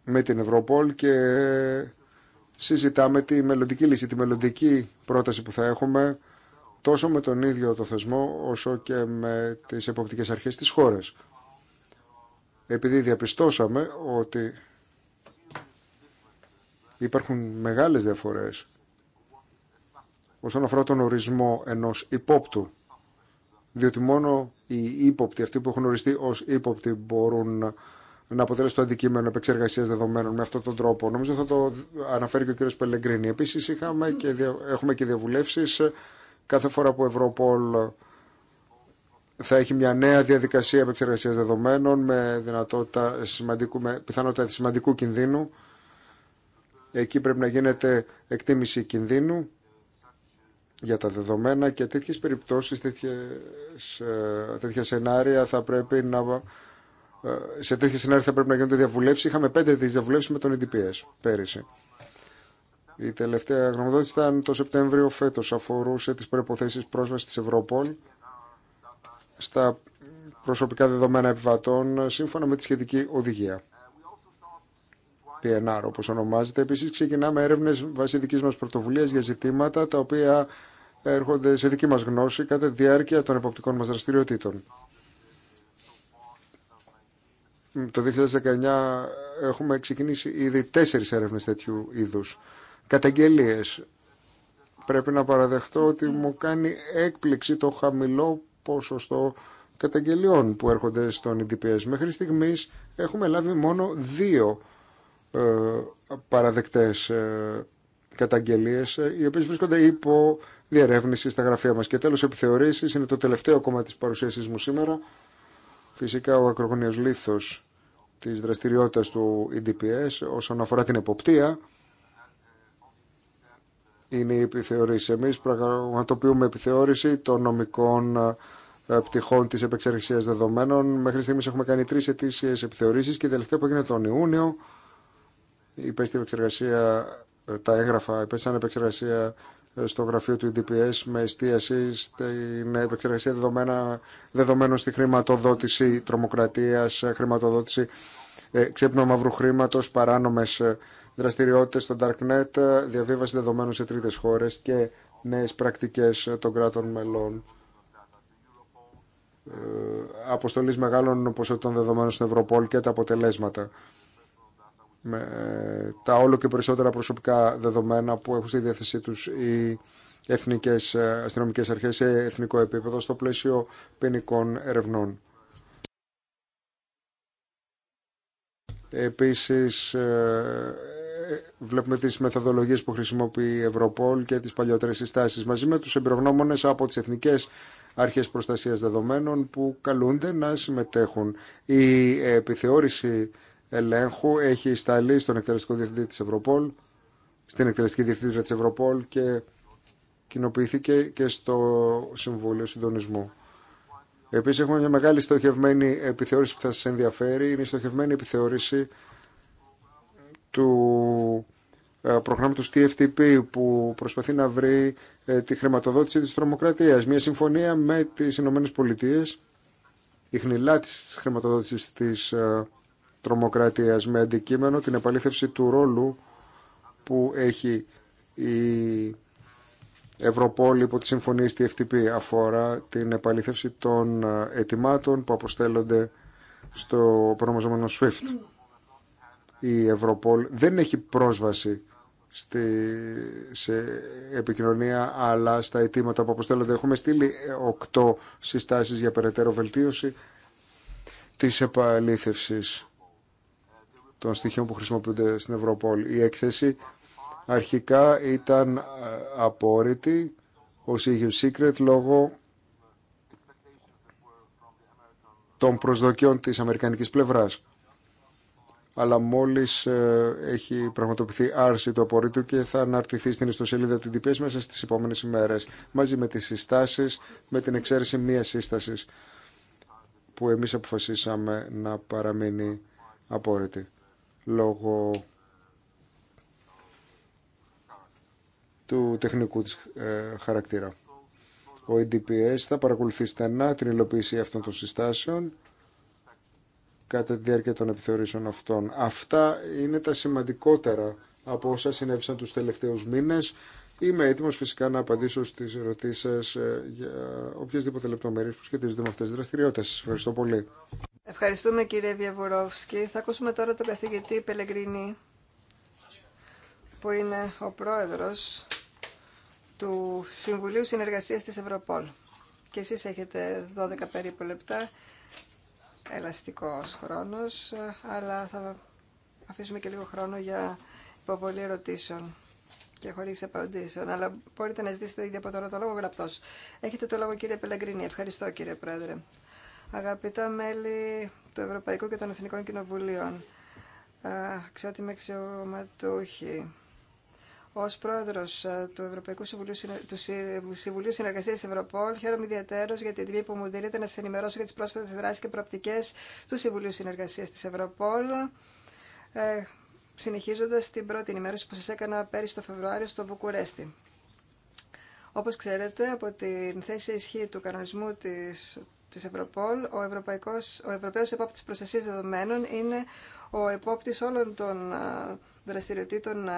με την Ευρωπόλ και συζητάμε τη μελλοντική λύση, τη μελλοντική πρόταση που θα έχουμε τόσο με τον ίδιο το θεσμό όσο και με τις εποπτικές αρχές της χώρας. Επειδή διαπιστώσαμε ότι υπάρχουν μεγάλες διαφορές όσον αφορά τον ορισμό ενός υπόπτου, διότι μόνο οι ύποπτοι, αυτοί που έχουν οριστεί ως ύποπτοι μπορούν να αποτελέσει το αντικείμενο επεξεργασία δεδομένων με αυτόν τον τρόπο. Νομίζω θα το αναφέρει και ο κ. Πελεγκρίνη. Επίση, έχουμε και διαβουλεύσει κάθε φορά που Ευρωπόλ θα έχει μια νέα διαδικασία επεξεργασία δεδομένων με, δυνατότητα σημαντικού, με πιθανότητα σημαντικού κινδύνου. Εκεί πρέπει να γίνεται εκτίμηση κινδύνου για τα δεδομένα και τέτοιες περιπτώσεις, τέτοιες, ε, τέτοια σενάρια θα πρέπει να ε, σε τέτοια σενάρια θα πρέπει να γίνονται διαβουλεύσει. Είχαμε πέντε τέτοιε διαβουλεύσει με τον EDPS πέρυσι. Η τελευταία γνωμοδότηση ήταν το Σεπτέμβριο φέτο αφορούσε τι προποθέσει πρόσβαση τη Ευρώπολ στα προσωπικά δεδομένα επιβατών σύμφωνα με τη σχετική οδηγία. PNR όπω ονομάζεται. επίση ξεκινάμε έρευνε βάσει δική μα πρωτοβουλία για ζητήματα τα οποία έρχονται σε δική μα γνώση κατά τη διάρκεια των εποπτικών μα δραστηριοτήτων. Το 2019 έχουμε ξεκινήσει ήδη τέσσερις έρευνες τέτοιου είδους. Καταγγελίες. Πρέπει να παραδεχτώ ότι μου κάνει έκπληξη το χαμηλό ποσοστό καταγγελιών που έρχονται στον EDPS. Μέχρι στιγμής έχουμε λάβει μόνο δύο ε, παραδεκτές ε, καταγγελίες, ε, οι οποίες βρίσκονται υπό διερεύνηση στα γραφεία μας. Και τέλος, επιθεωρήσεις είναι το τελευταίο κομμάτι της παρουσίασής μου σήμερα. Φυσικά ο ακρογωνίος λήθος της δραστηριότητας του EDPS όσον αφορά την εποπτεία είναι η επιθεωρήση. Εμείς πραγματοποιούμε επιθεώρηση των νομικών ε, πτυχών της επεξεργασίας δεδομένων. Μέχρι στιγμής έχουμε κάνει τρεις ετήσιες επιθεωρήσεις και η τελευταία που έγινε τον Ιούνιο υπέστη επεξεργασία ε, τα έγγραφα υπέστησαν επεξεργασία στο γραφείο του EDPS με εστίαση στην επεξεργασία δεδομένα, δεδομένων στη χρηματοδότηση τρομοκρατίας, ε, χρηματοδότηση ε, ξέπνο μαύρου χρήματος, παράνομες ε, δραστηριότητες στο Darknet, ε, διαβίβαση δεδομένων σε τρίτες χώρες και νέες πρακτικές των κράτων μελών αποστολής μεγάλων ποσοτών δεδομένων στην Ευρωπόλ και τα αποτελέσματα με τα όλο και περισσότερα προσωπικά δεδομένα που έχουν στη διάθεσή τους οι εθνικές ε, αστυνομικές αρχές σε εθνικό επίπεδο στο πλαίσιο ποινικών ερευνών. Επίσης, ε, ε, βλέπουμε τις μεθοδολογίες που χρησιμοποιεί η Ευρωπόλ και τις παλιότερες συστάσεις μαζί με τους εμπειρογνώμονες από τις Εθνικές Αρχές Προστασίας Δεδομένων που καλούνται να συμμετέχουν. Η επιθεώρηση ελέγχου έχει εισταλεί στον εκτελεστικό διευθυντή της Ευρωπόλ, στην εκτελεστική διευθύντρια της Ευρωπόλ και κοινοποιήθηκε και στο Συμβούλιο Συντονισμού. Επίσης έχουμε μια μεγάλη στοχευμένη επιθεώρηση που θα σας ενδιαφέρει. Είναι η στοχευμένη επιθεώρηση του ε, προγράμματος TFTP που προσπαθεί να βρει ε, τη χρηματοδότηση της τρομοκρατίας. Μια συμφωνία με τις Ηνωμένες Πολιτείες, η χνηλάτηση της χρηματοδότησης της ε, τρομοκρατίας με αντικείμενο την επαλήθευση του ρόλου που έχει η Ευρωπόλη υπό τη συμφωνία στη FTP αφορά την επαλήθευση των ε, ετοιμάτων που αποστέλλονται στο προνομαζόμενο SWIFT. Η Ευρωπόλη δεν έχει πρόσβαση στη, σε επικοινωνία αλλά στα αιτήματα που αποστέλλονται. Έχουμε στείλει 8 ε, συστάσεις για περαιτέρω βελτίωση της επαλήθευσης των στοιχείων που χρησιμοποιούνται στην Ευρωπόλ. Η έκθεση αρχικά ήταν ε, απόρριτη ως EU Secret λόγω των προσδοκιών της αμερικανικής πλευράς. Αλλά μόλις ε, έχει πραγματοποιηθεί άρση του απορρίτου και θα αναρτηθεί στην ιστοσελίδα του DPS μέσα στις επόμενες ημέρες, μαζί με τις συστάσεις, με την εξαίρεση μίας σύστασης που εμείς αποφασίσαμε να παραμείνει απόρριτη λόγω του τεχνικού της ε, χαρακτήρα. Ο EDPS θα παρακολουθεί στενά την υλοποίηση αυτών των συστάσεων κατά τη διάρκεια των επιθεωρήσεων αυτών. Αυτά είναι τα σημαντικότερα από όσα συνέβησαν τους τελευταίους μήνες. Είμαι έτοιμος φυσικά να απαντήσω στις ερωτήσεις σας ε, για οποιασδήποτε λεπτομέρειες που σχετίζονται με αυτές τις δραστηριότητες. Σας ευχαριστώ πολύ. Ευχαριστούμε κύριε Βιεβουρόφσκι. Θα ακούσουμε τώρα τον καθηγητή Πελεγκρινή που είναι ο πρόεδρος του Συμβουλίου Συνεργασίας της Ευρωπόλ. Και εσείς έχετε 12 περίπου λεπτά, ελαστικός χρόνος, αλλά θα αφήσουμε και λίγο χρόνο για υποβολή ερωτήσεων και χωρίς απαντήσεων. Αλλά μπορείτε να ζητήσετε ήδη από τώρα το λόγο γραπτός. Έχετε το λόγο κύριε Πελεγκρίνη. Ευχαριστώ κύριε Πρόεδρε. Αγαπητά μέλη του Ευρωπαϊκού και των Εθνικών Κοινοβουλίων, αξιότιμοι αξιωματούχοι, Ω πρόεδρο του Ευρωπαϊκού Συμβουλίου, του Συμβουλίου Συνεργασία Ευρωπόλ, χαίρομαι ιδιαίτερω για την τιμή που μου δίνετε να σα ενημερώσω για τι πρόσφατε δράσει και προοπτικέ του Συμβουλίου Συνεργασία τη Ευρωπόλ. Ε, Συνεχίζοντα την πρώτη ενημέρωση που σα έκανα πέρυσι το Φεβρουάριο στο Βουκουρέστι. Όπω ξέρετε, από την θέση ισχύ του κανονισμού της, Ευρωπόλ, ο, Ευρωπαϊκός, ο Ευρωπαίος Επόπτης Προστασίας Δεδομένων είναι ο επόπτης όλων των δραστηριοτήτων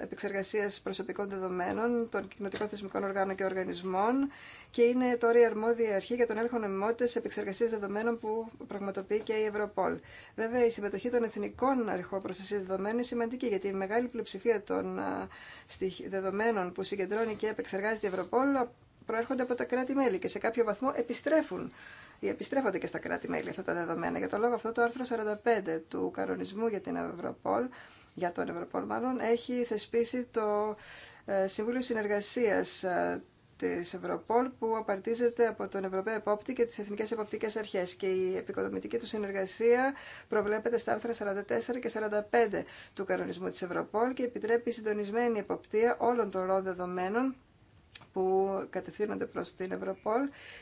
επεξεργασίας προσωπικών δεδομένων των κοινωτικών θεσμικών οργάνων και οργανισμών και είναι τώρα η αρμόδια αρχή για τον έλεγχο νομιμότητα επεξεργασία δεδομένων που πραγματοποιεί και η Ευρωπόλ. Βέβαια, η συμμετοχή των εθνικών αρχών προστασία δεδομένων είναι σημαντική γιατί η μεγάλη πλειοψηφία των δεδομένων που συγκεντρώνει και επεξεργάζεται η Ευρωπόλ προέρχονται από τα κράτη-μέλη και σε κάποιο βαθμό επιστρέφουν ή επιστρέφονται και στα κράτη-μέλη αυτά τα δεδομένα. Για το λόγο αυτό το άρθρο 45 του κανονισμού για την Ευρωπόλ, για τον Ευρωπόλ μάλλον, έχει θεσπίσει το ε, Συμβούλιο Συνεργασίας ε, τη Ευρωπόλ που απαρτίζεται από τον Ευρωπαίο Επόπτη και τι Εθνικέ Εποπτικές αρχέ. και η επικοδομητική του συνεργασία προβλέπεται στα άρθρα 44 και 45 του κανονισμού τη Ευρωπόλ και επιτρέπει συντονισμένη εποπτεία όλων των ροδεδομένων που κατευθύνονται προς την Ευρωπόλ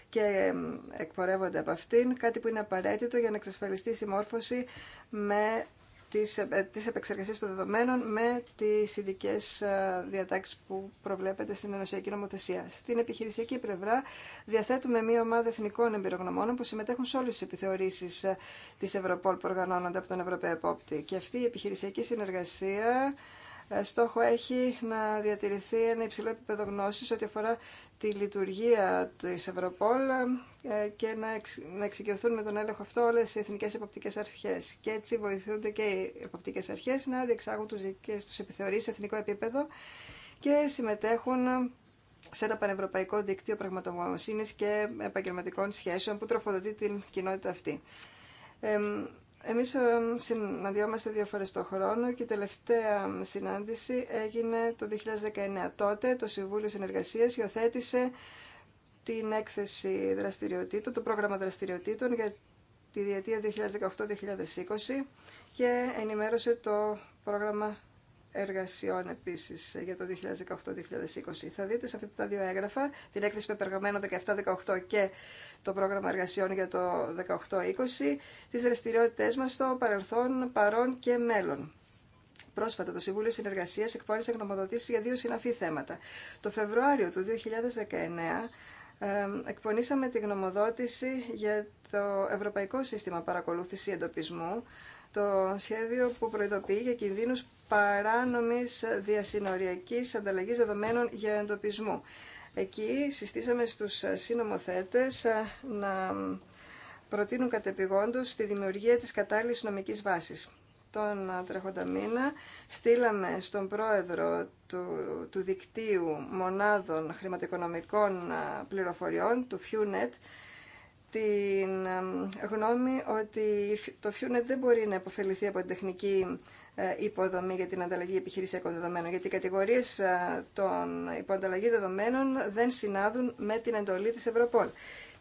και εκπορεύονται από αυτήν, κάτι που είναι απαραίτητο για να εξασφαλιστεί η συμμόρφωση με τις, ε, τις επεξεργασίες των δεδομένων με τις ειδικέ ε, διατάξεις που προβλέπεται στην Ενωσιακή Νομοθεσία. Στην επιχειρησιακή πλευρά διαθέτουμε μία ομάδα εθνικών εμπειρογνωμόνων που συμμετέχουν σε όλες τις επιθεωρήσεις ε, της Ευρωπόλ που οργανώνονται από τον Ευρωπαίο Επόπτη. Και αυτή η επιχειρησιακή συνεργασία ε, στόχο έχει να διατηρηθεί ένα υψηλό επίπεδο γνώση ό,τι αφορά τη λειτουργία τη Ευρωπόλ ε, και να εξοικειωθούν με τον έλεγχο αυτό όλε οι εθνικές εποπτικέ αρχές. Και έτσι βοηθούνται και οι εποπτικέ αρχές να διεξάγουν τους δικέ του επιθεωρήσει σε εθνικό επίπεδο και συμμετέχουν σε ένα πανευρωπαϊκό δίκτυο πραγματογνωσύνη και επαγγελματικών σχέσεων που τροφοδοτεί την κοινότητα αυτή. Ε, εμείς ε, συναντιόμαστε δύο φορές το χρόνο και η τελευταία συνάντηση έγινε το 2019. Τότε το Συμβούλιο Συνεργασίας υιοθέτησε την έκθεση δραστηριοτήτων, το πρόγραμμα δραστηριοτήτων για τη διετία 2018-2020 και ενημέρωσε το πρόγραμμα εργασιών επίση για το 2018-2020. Θα δείτε σε αυτά τα δύο έγγραφα την εκθεση περγαμενο πεπεργαμένο 17-18 και το πρόγραμμα εργασιών για το 18-20 τι δραστηριότητε μα στο παρελθόν, παρόν και μέλλον. Πρόσφατα το Συμβούλιο Συνεργασία εκπόνησε γνωμοδοτήσει για δύο συναφή θέματα. Το Φεβρουάριο του 2019 εκπονήσαμε τη γνωμοδότηση για το Ευρωπαϊκό Σύστημα Παρακολούθηση Εντοπισμού, το σχέδιο που προειδοποιεί για κινδύνους παράνομης διασυνοριακής ανταλλαγής δεδομένων για εντοπισμού. Εκεί συστήσαμε στους συνομοθέτες ε, να προτείνουν κατεπηγόντως τη δημιουργία της κατάλληλης νομικής βάσης τον τρέχοντα μήνα στείλαμε στον πρόεδρο του, του δικτύου μονάδων χρηματοοικονομικών πληροφοριών, του FUNET, την γνώμη ότι το FUNET δεν μπορεί να υποφεληθεί από την τεχνική ε, υποδομή για την ανταλλαγή επιχειρησιακών δεδομένων, γιατί οι κατηγορίες των υποανταλλαγή δεδομένων δεν συνάδουν με την εντολή της Ευρωπόλ.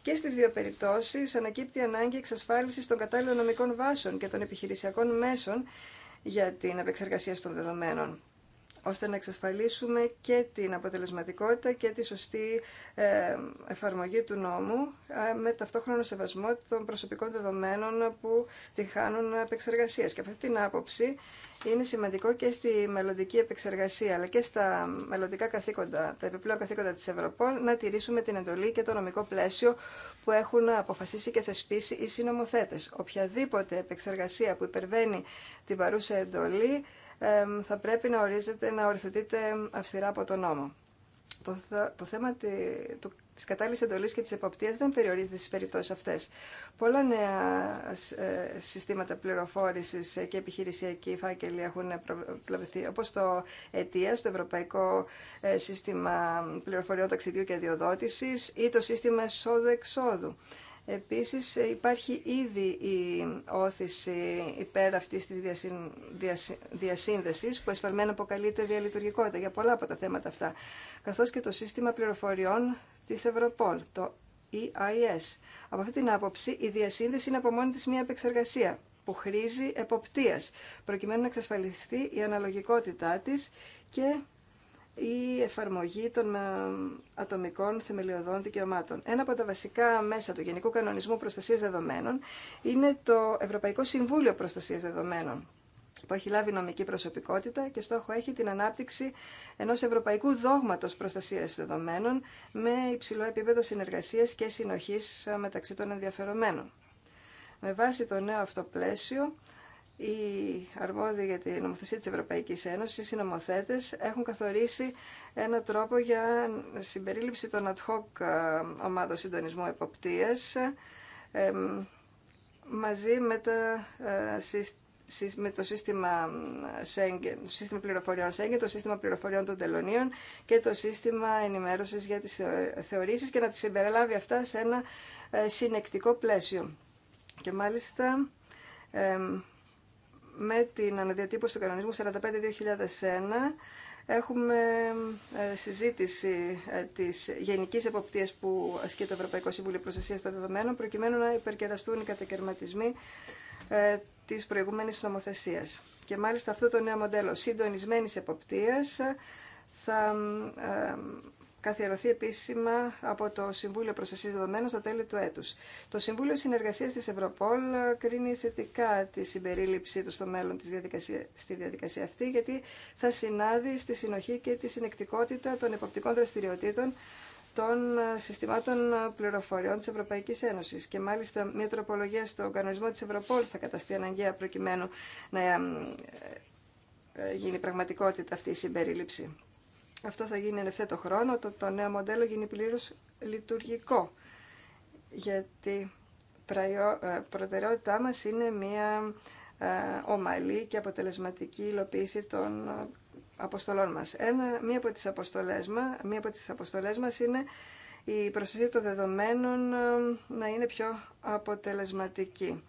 Και στις δύο περιπτώσεις ανακύπτει ανάγκη εξασφάλισης των κατάλληλων νομικών βάσεων και των επιχειρησιακών μέσων για την απεξεργασία των δεδομένων ώστε να εξασφαλίσουμε και την αποτελεσματικότητα και τη σωστή ε, εφαρμογή του νόμου ε, με ταυτόχρονο σεβασμό των προσωπικών δεδομένων που τη χάνουν επεξεργασία. Και από αυτή την άποψη είναι σημαντικό και στη μελλοντική επεξεργασία αλλά και στα μελλοντικά καθήκοντα, τα επιπλέον καθήκοντα της Ευρωπόλ να τηρήσουμε την εντολή και το νομικό πλαίσιο που έχουν αποφασίσει και θεσπίσει οι συνομοθέτες. Οποιαδήποτε επεξεργασία που υπερβαίνει την παρούσα εντολή θα πρέπει να ορίζετε να οριθετείται αυστηρά από τον νόμο. Το, θέμα του τη κατάλληλη εντολή και της εποπτείας δεν περιορίζεται στις περιπτώσει αυτέ. Πολλά νέα ε, συστήματα πληροφόρησης και επιχειρησιακοί φάκελοι έχουν προβλεφθεί, όπως το ΕΤΙΑ, το Ευρωπαϊκό ε, Σύστημα Πληροφοριών Ταξιδιού και Διοδότησης, ή το Σύστημα Εσόδου-Εξόδου. Επίσης υπάρχει ήδη η όθηση υπέρ αυτής της διασύν, διασύνδεσης που εσφαλμένα αποκαλείται διαλειτουργικότητα για πολλά από τα θέματα αυτά, καθώς και το σύστημα πληροφοριών της Ευρωπόλ, το EIS. Από αυτή την άποψη η διασύνδεση είναι από μόνη της μια επεξεργασία που χρήζει εποπτείας, προκειμένου να εξασφαλιστεί η αναλογικότητά της και η εφαρμογή των ε, ατομικών θεμελιωδών δικαιωμάτων. Ένα από τα βασικά μέσα του Γενικού Κανονισμού Προστασίας Δεδομένων είναι το Ευρωπαϊκό Συμβούλιο Προστασίας Δεδομένων που έχει λάβει νομική προσωπικότητα και στόχο έχει την ανάπτυξη ενός ευρωπαϊκού δόγματος προστασίας δεδομένων με υψηλό επίπεδο συνεργασίας και συνοχής ε, μεταξύ των ενδιαφερομένων. Με βάση το νέο αυτό πλαίσιο, οι αρμόδιοι για την νομοθεσία της Ευρωπαϊκής Ένωσης, οι νομοθέτες, έχουν καθορίσει ένα τρόπο για συμπερίληψη των ad hoc ε, ομάδων συντονισμού εποπτείας μαζί με, ε, με το σύστημα, Schengen, σύστημα πληροφοριών Schengen, το σύστημα πληροφοριών των τελωνίων και το σύστημα ενημέρωσης για τις θεωρήσεις και να τις συμπεριλάβει αυτά σε ένα ε, συνεκτικό πλαίσιο. Και μάλιστα με την αναδιατύπωση του κανονισμού 45-2001 έχουμε ε, συζήτηση ε, της γενικής εποπτείας που ασκεί το Ευρωπαϊκό Σύμβουλιο Προστασίας των Δεδομένων προκειμένου να υπερκεραστούν οι κατακαιρματισμοί ε, της προηγούμενης νομοθεσίας. Και μάλιστα αυτό το νέο μοντέλο συντονισμένης εποπτείας θα καθιερωθεί επίσημα από το Συμβούλιο Προστασία Δεδομένων στα τέλη του έτου. Το Συμβούλιο συνεργασία τη Ευρωπόλ κρίνει θετικά τη συμπερίληψή του στο μέλλον της διαδικασία, στη διαδικασία αυτή, γιατί θα συνάδει στη συνοχή και τη συνεκτικότητα των υποπτικών δραστηριοτήτων των συστημάτων πληροφοριών της Ευρωπαϊκής Ένωσης. Και μάλιστα μια τροπολογία στον κανονισμό της Ευρωπόλ θα καταστεί αναγκαία προκειμένου να ε, ε, γίνει πραγματικότητα αυτή η συμπερίληψη. Αυτό θα γίνει εν ευθέτω χρόνο, το, το νέο μοντέλο γίνει πλήρω λειτουργικό. Γιατί ε, προτεραιότητά μας είναι μια ε, ομαλή και αποτελεσματική υλοποίηση των αποστολών μας. μία, από τις αποστολές μα, μία από τις αποστολές μας είναι η προστασία των δεδομένων ε, να είναι πιο αποτελεσματική.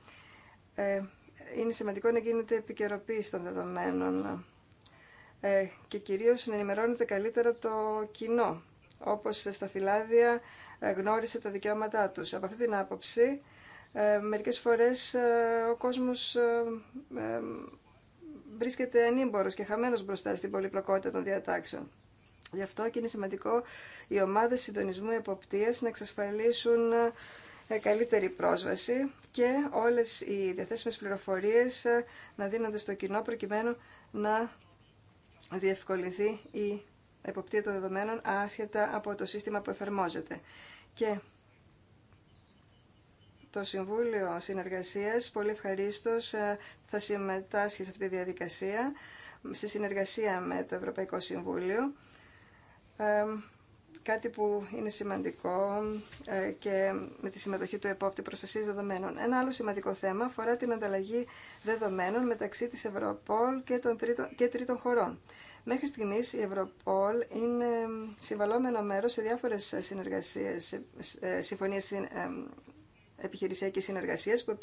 είναι σημαντικό να γίνεται επικαιροποίηση των δεδομένων ε, και κυρίως να ενημερώνεται καλύτερα το κοινό, όπως στα φυλάδια ε, γνώρισε τα δικαιώματά τους. Από αυτή την άποψη, ε, μερικές φορές ο κόσμος βρίσκεται ανήμπορος και χαμένος μπροστά στην πολυπλοκότητα των διατάξεων. Γι' αυτό και είναι σημαντικό οι ομάδες συντονισμού εποπτείας να εξασφαλίσουν καλύτερη πρόσβαση και όλες οι διαθέσιμες πληροφορίες να δίνονται στο κοινό προκειμένου να διευκολυνθεί η εποπτεία των δεδομένων άσχετα από το σύστημα που εφαρμόζεται. Και το Συμβούλιο Συνεργασίας πολύ ευχαρίστω ε, θα συμμετάσχει σε αυτή τη διαδικασία σε συνεργασία με το Ευρωπαϊκό Συμβούλιο ε, κάτι που είναι σημαντικό ε, και με τη συμμετοχή του επόπτη προστασία δεδομένων. Ένα άλλο σημαντικό θέμα αφορά την ανταλλαγή δεδομένων μεταξύ της Ευρωπόλ και, των τρίτων, και χωρών. Μέχρι στιγμής η Ευρωπόλ είναι συμβαλόμενο μέρος σε διάφορες συνεργασίες, ε, συμφωνίες ε, επιχειρησιακής συνεργασίας που,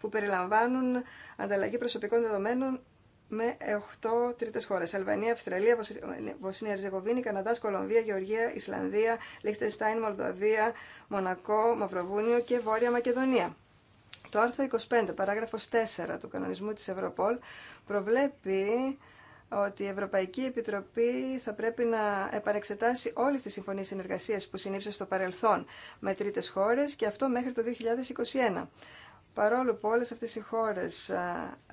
που περιλαμβάνουν ανταλλαγή προσωπικών δεδομένων με 8 τρίτε χώρε. Αλβανία, Αυστραλία, Βοσνία, Ερζεγοβίνη, Καναδάς, Κολομβία, Γεωργία, Ισλανδία, Λίχτενστάιν, Μολδαβία, Μονακό, Μαυροβούνιο και Βόρεια Μακεδονία. Το άρθρο 25, παράγραφος 4 του κανονισμού τη Ευρωπόλ προβλέπει ότι η Ευρωπαϊκή Επιτροπή θα πρέπει να επανεξετάσει όλες τις συμφωνίες συνεργασίας που συνήψε στο παρελθόν με τρίτες χώρες και αυτό μέχρι το 2021. Παρόλο που όλες αυτές οι χώρες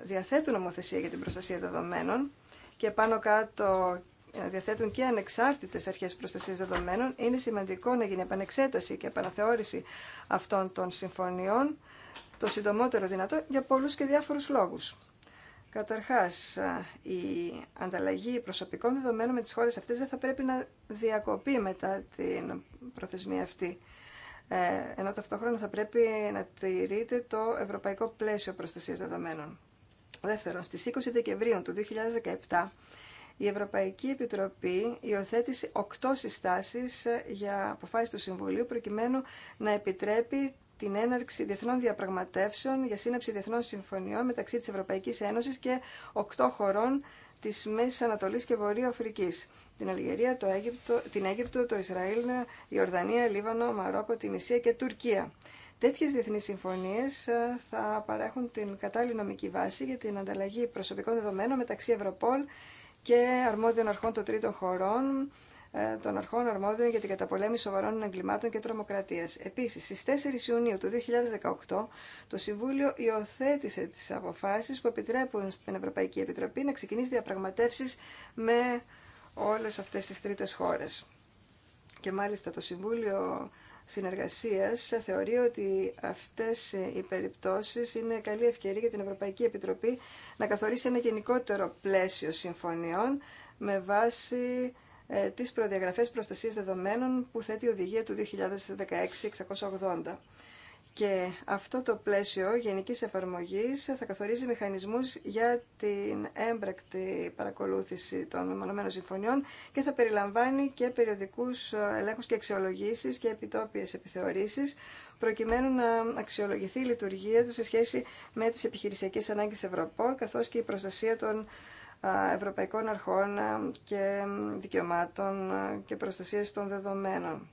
διαθέτουν νομοθεσία για την προστασία δεδομένων και πάνω κάτω ε, διαθέτουν και ανεξάρτητες αρχές προστασίας δεδομένων, είναι σημαντικό να γίνει επανεξέταση και επαναθεώρηση αυτών των συμφωνιών το συντομότερο δυνατό για πολλούς και διάφορους λόγους. Καταρχάς, η ανταλλαγή προσωπικών δεδομένων με τις χώρες αυτές δεν θα πρέπει να διακοπεί μετά την προθεσμία αυτή. Ε, ενώ ταυτόχρονα θα πρέπει να τηρείται το Ευρωπαϊκό Πλαίσιο Προστασίας Δεδομένων. Δεύτερον, στις 20 Δεκεμβρίου του 2017 η Ευρωπαϊκή Επιτροπή υιοθέτησε οκτώ συστάσεις ε, για αποφάσεις του Συμβουλίου προκειμένου να επιτρέπει την έναρξη διεθνών διαπραγματεύσεων για σύναψη διεθνών συμφωνιών μεταξύ της Ευρωπαϊκής Ένωσης και οκτώ χωρών της Μέσης Ανατολής και Βορείου Αφρικής την Αλγερία, το Αίγυπτο, την Αίγυπτο, το Ισραήλ, η Ορδανία, Λίβανο, Μαρόκο, την Ισία και Τουρκία. Τέτοιες διεθνείς συμφωνίες ε, θα παρέχουν την κατάλληλη νομική βάση για την ανταλλαγή προσωπικών δεδομένων μεταξύ Ευρωπόλ και αρμόδιων αρχών των τρίτων χωρών, ε, των αρχών αρμόδιων για την καταπολέμηση σοβαρών εγκλημάτων και τρομοκρατίας. Επίσης, στις 4 Ιουνίου του 2018, το Συμβούλιο υιοθέτησε τις αποφάσεις που επιτρέπουν στην Ευρωπαϊκή Επιτροπή να ξεκινήσει διαπραγματεύσεις με όλες αυτές τις τρίτες χώρες. Και μάλιστα το Συμβούλιο Συνεργασίας θεωρεί ότι αυτές οι περιπτώσεις είναι καλή ευκαιρία για την Ευρωπαϊκή Επιτροπή να καθορίσει ένα γενικότερο πλαίσιο συμφωνιών με βάση ε, τις προδιαγραφές προστασίας δεδομένων που θέτει η Οδηγία του 2016-680. Και αυτό το πλαίσιο γενικής εφαρμογής θα καθορίζει μηχανισμούς για την έμπρακτη παρακολούθηση των μεμονωμένων συμφωνιών και θα περιλαμβάνει και περιοδικούς ελέγχους και αξιολογήσεις και επιτόπιες επιθεωρήσεις προκειμένου να αξιολογηθεί η λειτουργία του σε σχέση με τις επιχειρησιακές ανάγκες Ευρωπόλ καθώς και η προστασία των ευρωπαϊκών αρχών και δικαιωμάτων και προστασία των δεδομένων.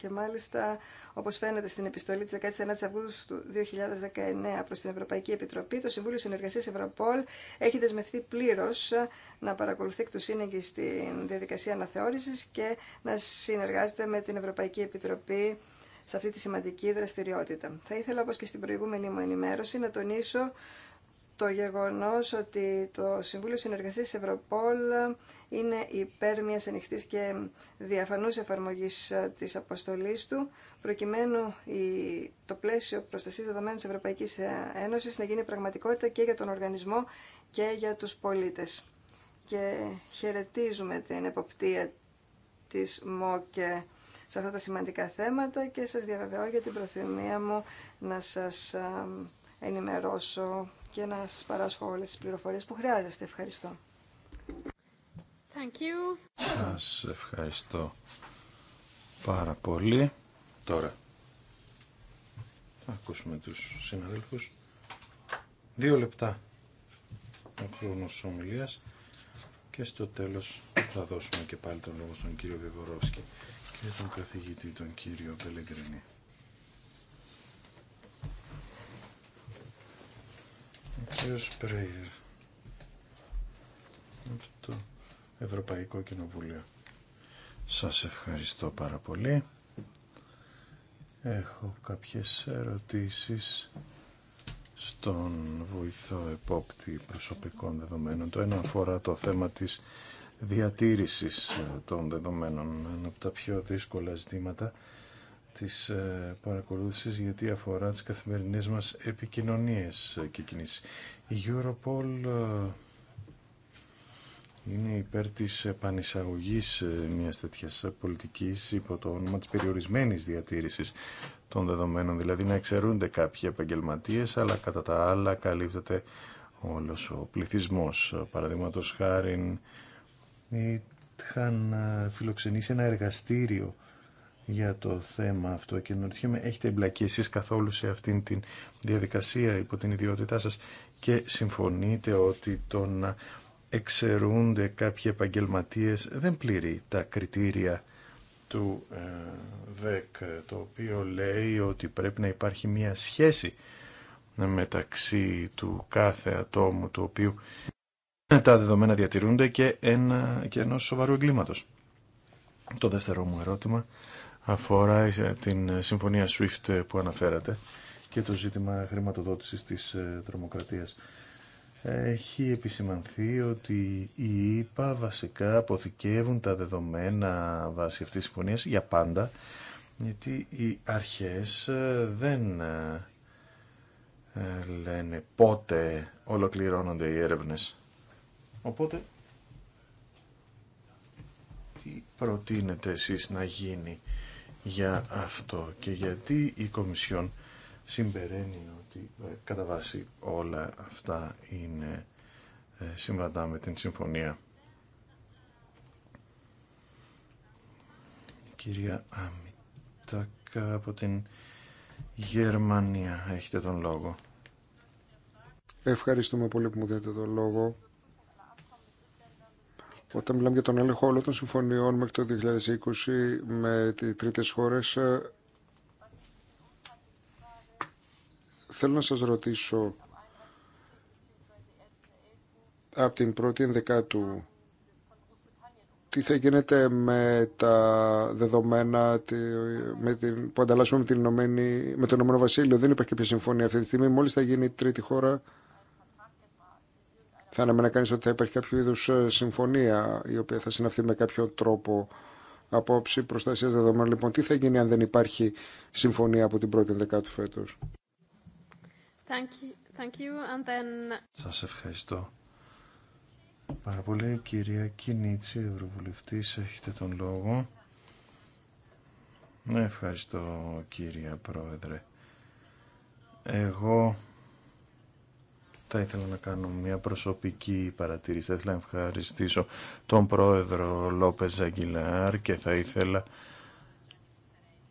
Και μάλιστα, όπως φαίνεται στην επιστολή της 19 Αυγούστου του 2019 προς την Ευρωπαϊκή Επιτροπή, το Συμβούλιο Συνεργασίας Ευρωπόλ έχει δεσμευθεί πλήρως να παρακολουθεί εκ του σύνεγγυ στην διαδικασία αναθεώρησης και να συνεργάζεται με την Ευρωπαϊκή Επιτροπή σε αυτή τη σημαντική δραστηριότητα. Θα ήθελα, όπω και στην προηγούμενη μου ενημέρωση, να τονίσω το γεγονός ότι το Συμβούλιο Συνεργασίας της Ευρωπόλ είναι υπέρ μιας ανοιχτής και διαφανούς εφαρμογής ε, της αποστολής του, προκειμένου το πλαίσιο προστασίας δεδομένων της Ευρωπαϊκής ε, Ένωσης να γίνει πραγματικότητα και για τον οργανισμό και για τους πολίτες. Και χαιρετίζουμε την εποπτεία της ΜΟΚΕ σε αυτά τα σημαντικά θέματα και σας διαβεβαιώ για την προθυμία μου να σας ε, ενημερώσω και να σας παράσχω όλες τις πληροφορίες που χρειάζεστε. Ευχαριστώ. Thank you. Σας ευχαριστώ πάρα πολύ. Τώρα θα ακούσουμε τους συναδέλφους. Δύο λεπτά ο χρόνος ομιλίας και στο τέλος θα δώσουμε και πάλι τον λόγο στον κύριο Βιβορόφσκι και τον καθηγητή τον κύριο Πελεγκρινή. Κύριος το Ευρωπαϊκό Κοινοβούλιο. Σας ευχαριστώ πάρα πολύ. Έχω κάποιες ερωτήσεις στον βοηθό επόπτη προσωπικών δεδομένων. Το ένα αφορά το θέμα της διατήρησης των δεδομένων, ένα από τα πιο δύσκολα ζητήματα της ε, παρακολούθησης γιατί αφορά τις καθημερινές μας επικοινωνίες και κινήσεις. Η Europol ε, είναι υπέρ της επανεισαγωγής ε, μιας τέτοιας πολιτικής υπό το όνομα της περιορισμένης διατήρησης των δεδομένων, δηλαδή να εξαιρούνται κάποιοι επαγγελματίε, αλλά κατά τα άλλα καλύπτεται όλος ο πληθυσμός. Παραδείγματος χάρη είχαν φιλοξενήσει ένα εργαστήριο για το θέμα αυτό και έχετε εμπλακεί εσείς καθόλου σε αυτήν την διαδικασία υπό την ιδιότητά σας και συμφωνείτε ότι το να εξαιρούνται κάποιοι επαγγελματίες δεν πληρεί τα κριτήρια του ε, ΔΕΚ, το οποίο λέει ότι πρέπει να υπάρχει μία σχέση μεταξύ του κάθε ατόμου του οποίου τα δεδομένα διατηρούνται και, ένα, και ενός σοβαρού εγκλήματος. Το δεύτερο μου ερώτημα αφορά ε, την ε, συμφωνία SWIFT ε, που αναφέρατε και το ζήτημα χρηματοδότησης της τρομοκρατίας. Έχει επισημανθεί ότι οι ΙΠΑ βασικά αποθηκεύουν τα δεδομένα βάσει αυτής της συμφωνίας για πάντα, γιατί οι αρχές δεν λένε πότε ολοκληρώνονται οι έρευνες. Οπότε, τι προτείνετε εσείς να γίνει για αυτό και γιατί η Κομισιόν συμπεραίνει ότι ε, κατά βάση όλα αυτά είναι ε, συμβατά με την συμφωνία. κυρία Αμιτάκα από την Γερμανία έχετε τον λόγο. Ευχαριστούμε πολύ που μου δίνετε τον λόγο. Όταν μιλάμε για τον έλεγχο όλων των συμφωνιών μέχρι το 2020 με τις τρίτες χώρες, ε, θέλω να σας ρωτήσω από την πρώτη ενδεκάτου τι θα γίνεται με τα δεδομένα με την, που ανταλλάσσουμε με, την με το Ηνωμένο Βασίλειο. Δεν υπάρχει κάποια συμφωνία αυτή τη στιγμή. Μόλις θα γίνει η τρίτη χώρα, θα να κανείς ότι θα υπάρχει κάποιο είδους ε, συμφωνία η οποία θα συναυθεί με κάποιο τρόπο απόψη προστασία δεδομένων. Λοιπόν, τι θα γίνει αν δεν υπάρχει συμφωνία από την πρώτη δεκάτου And Then... Σα ευχαριστώ. Πάρα πολύ, κυρία Κινίτση, Ευρωβουλευτή, έχετε τον λόγο. Ναι, ευχαριστώ, κύρια Πρόεδρε. Εγώ θα ήθελα να κάνω μια προσωπική παρατήρηση. Θα ήθελα να ευχαριστήσω τον πρόεδρο Λόπεζ Αγγιλάρ και θα ήθελα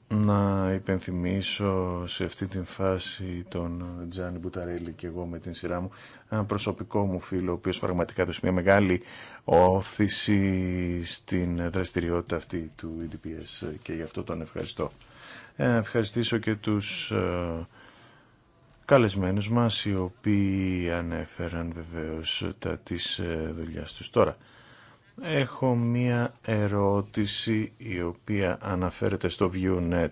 να υπενθυμίσω σε αυτή την φάση τον Τζάνι Μπουταρέλη και εγώ με την σειρά μου ένα προσωπικό μου φίλο ο οποίος πραγματικά έδωσε μια μεγάλη όθηση στην δραστηριότητα αυτή του EDPS και γι' αυτό τον ευχαριστώ. Ε, ευχαριστήσω και τους ε, καλεσμένους μας, οι οποίοι ανέφεραν βεβαίως τα της ε, δουλειάς τους. Τώρα, έχω μία ερώτηση η οποία αναφέρεται στο ViewNet.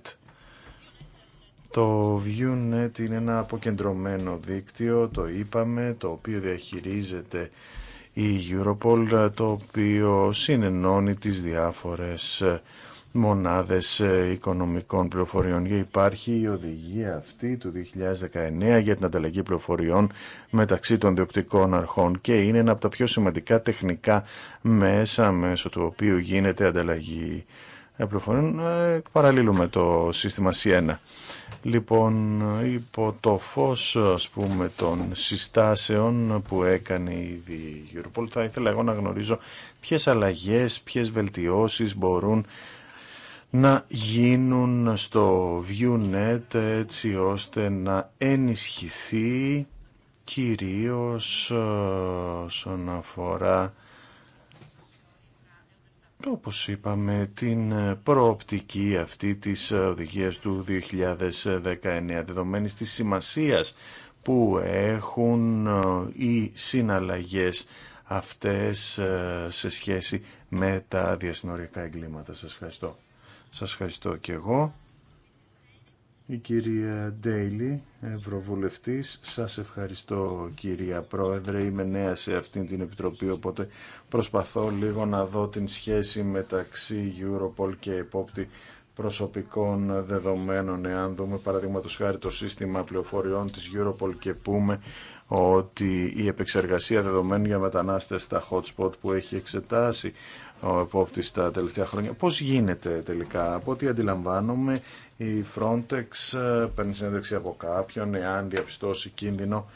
Το ViewNet είναι ένα αποκεντρωμένο δίκτυο, το είπαμε, το οποίο διαχειρίζεται η Europol, το οποίο συνενώνει τις διάφορες μονάδες ε, οικονομικών πληροφοριών. Υπάρχει η οδηγία αυτή του 2019 για την ανταλλαγή πληροφοριών μεταξύ των διοκτικών αρχών και είναι ένα από τα πιο σημαντικά τεχνικά μέσα μέσω του οποίου γίνεται ανταλλαγή ε, πληροφοριών ε, Παραλύλουμε με το σύστημα Λοιπόν, υπό το φως ας πούμε των συστάσεων που έκανε η Europol θα ήθελα εγώ να γνωρίζω ποιες αλλαγές, ποιες βελτιώσεις μπορούν να γίνουν στο ViewNet έτσι ώστε να ενισχυθεί κυρίως ε, όσον αφορά όπως είπαμε την προοπτική αυτή της οδηγίας του 2019 δεδομένης της σημασίας που έχουν ε, οι συναλλαγές αυτές ε, σε σχέση με τα διασυνοριακά εγκλήματα. Σας ευχαριστώ. Σας ευχαριστώ και εγώ. Η κυρία Ντέιλι, Ευρωβουλευτής, σας ευχαριστώ κυρία Πρόεδρε, είμαι νέα σε αυτήν την Επιτροπή, οπότε προσπαθώ λίγο να δω την σχέση μεταξύ Europol και επόπτη προσωπικών δεδομένων. Εάν δούμε παραδείγματος χάρη το σύστημα πληροφοριών της Europol και πούμε ότι η επεξεργασία δεδομένων για μετανάστες στα hotspot που έχει εξετάσει ο επόπτης τα τελευταία χρόνια. Πώς γίνεται τελικά, από ό,τι αντιλαμβάνομαι η Frontex ε, παίρνει συνέντευξη από κάποιον, εάν διαπιστώσει κίνδυνο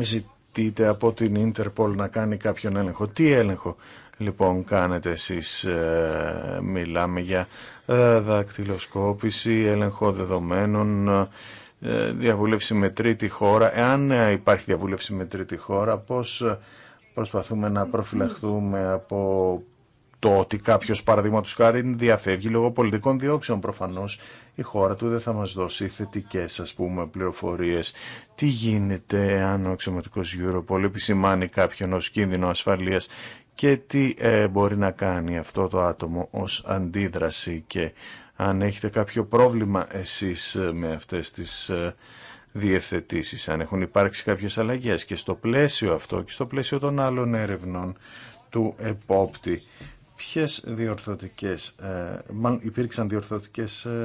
ζητείτε από την Interpol να κάνει κάποιον έλεγχο. Τι έλεγχο λοιπόν κάνετε εσείς, ε, μιλάμε για ε, δακτυλοσκόπηση, έλεγχο δεδομένων, διαβούλευση με τρίτη χώρα. Εάν υπάρχει διαβούλευση με τρίτη χώρα, πώς προσπαθούμε να προφυλαχθούμε από το ότι κάποιος παραδείγματο χάρη διαφεύγει λόγω πολιτικών διώξεων προφανώς η χώρα του δεν θα μας δώσει θετικές ας πούμε πληροφορίες τι γίνεται αν ο αξιωματικός Europol επισημάνει κάποιον ως κίνδυνο ασφαλείας και τι ε, μπορεί να κάνει αυτό το άτομο ως αντίδραση και αν έχετε κάποιο πρόβλημα εσείς ε, με αυτές τις ε, διευθετήσεις, αν έχουν υπάρξει κάποιε αλλαγέ και στο πλαίσιο αυτό και στο πλαίσιο των άλλων έρευνων του επόπτη ποιες διορθωτικές, ε, μάλλον υπήρξαν διορθωτικές ε,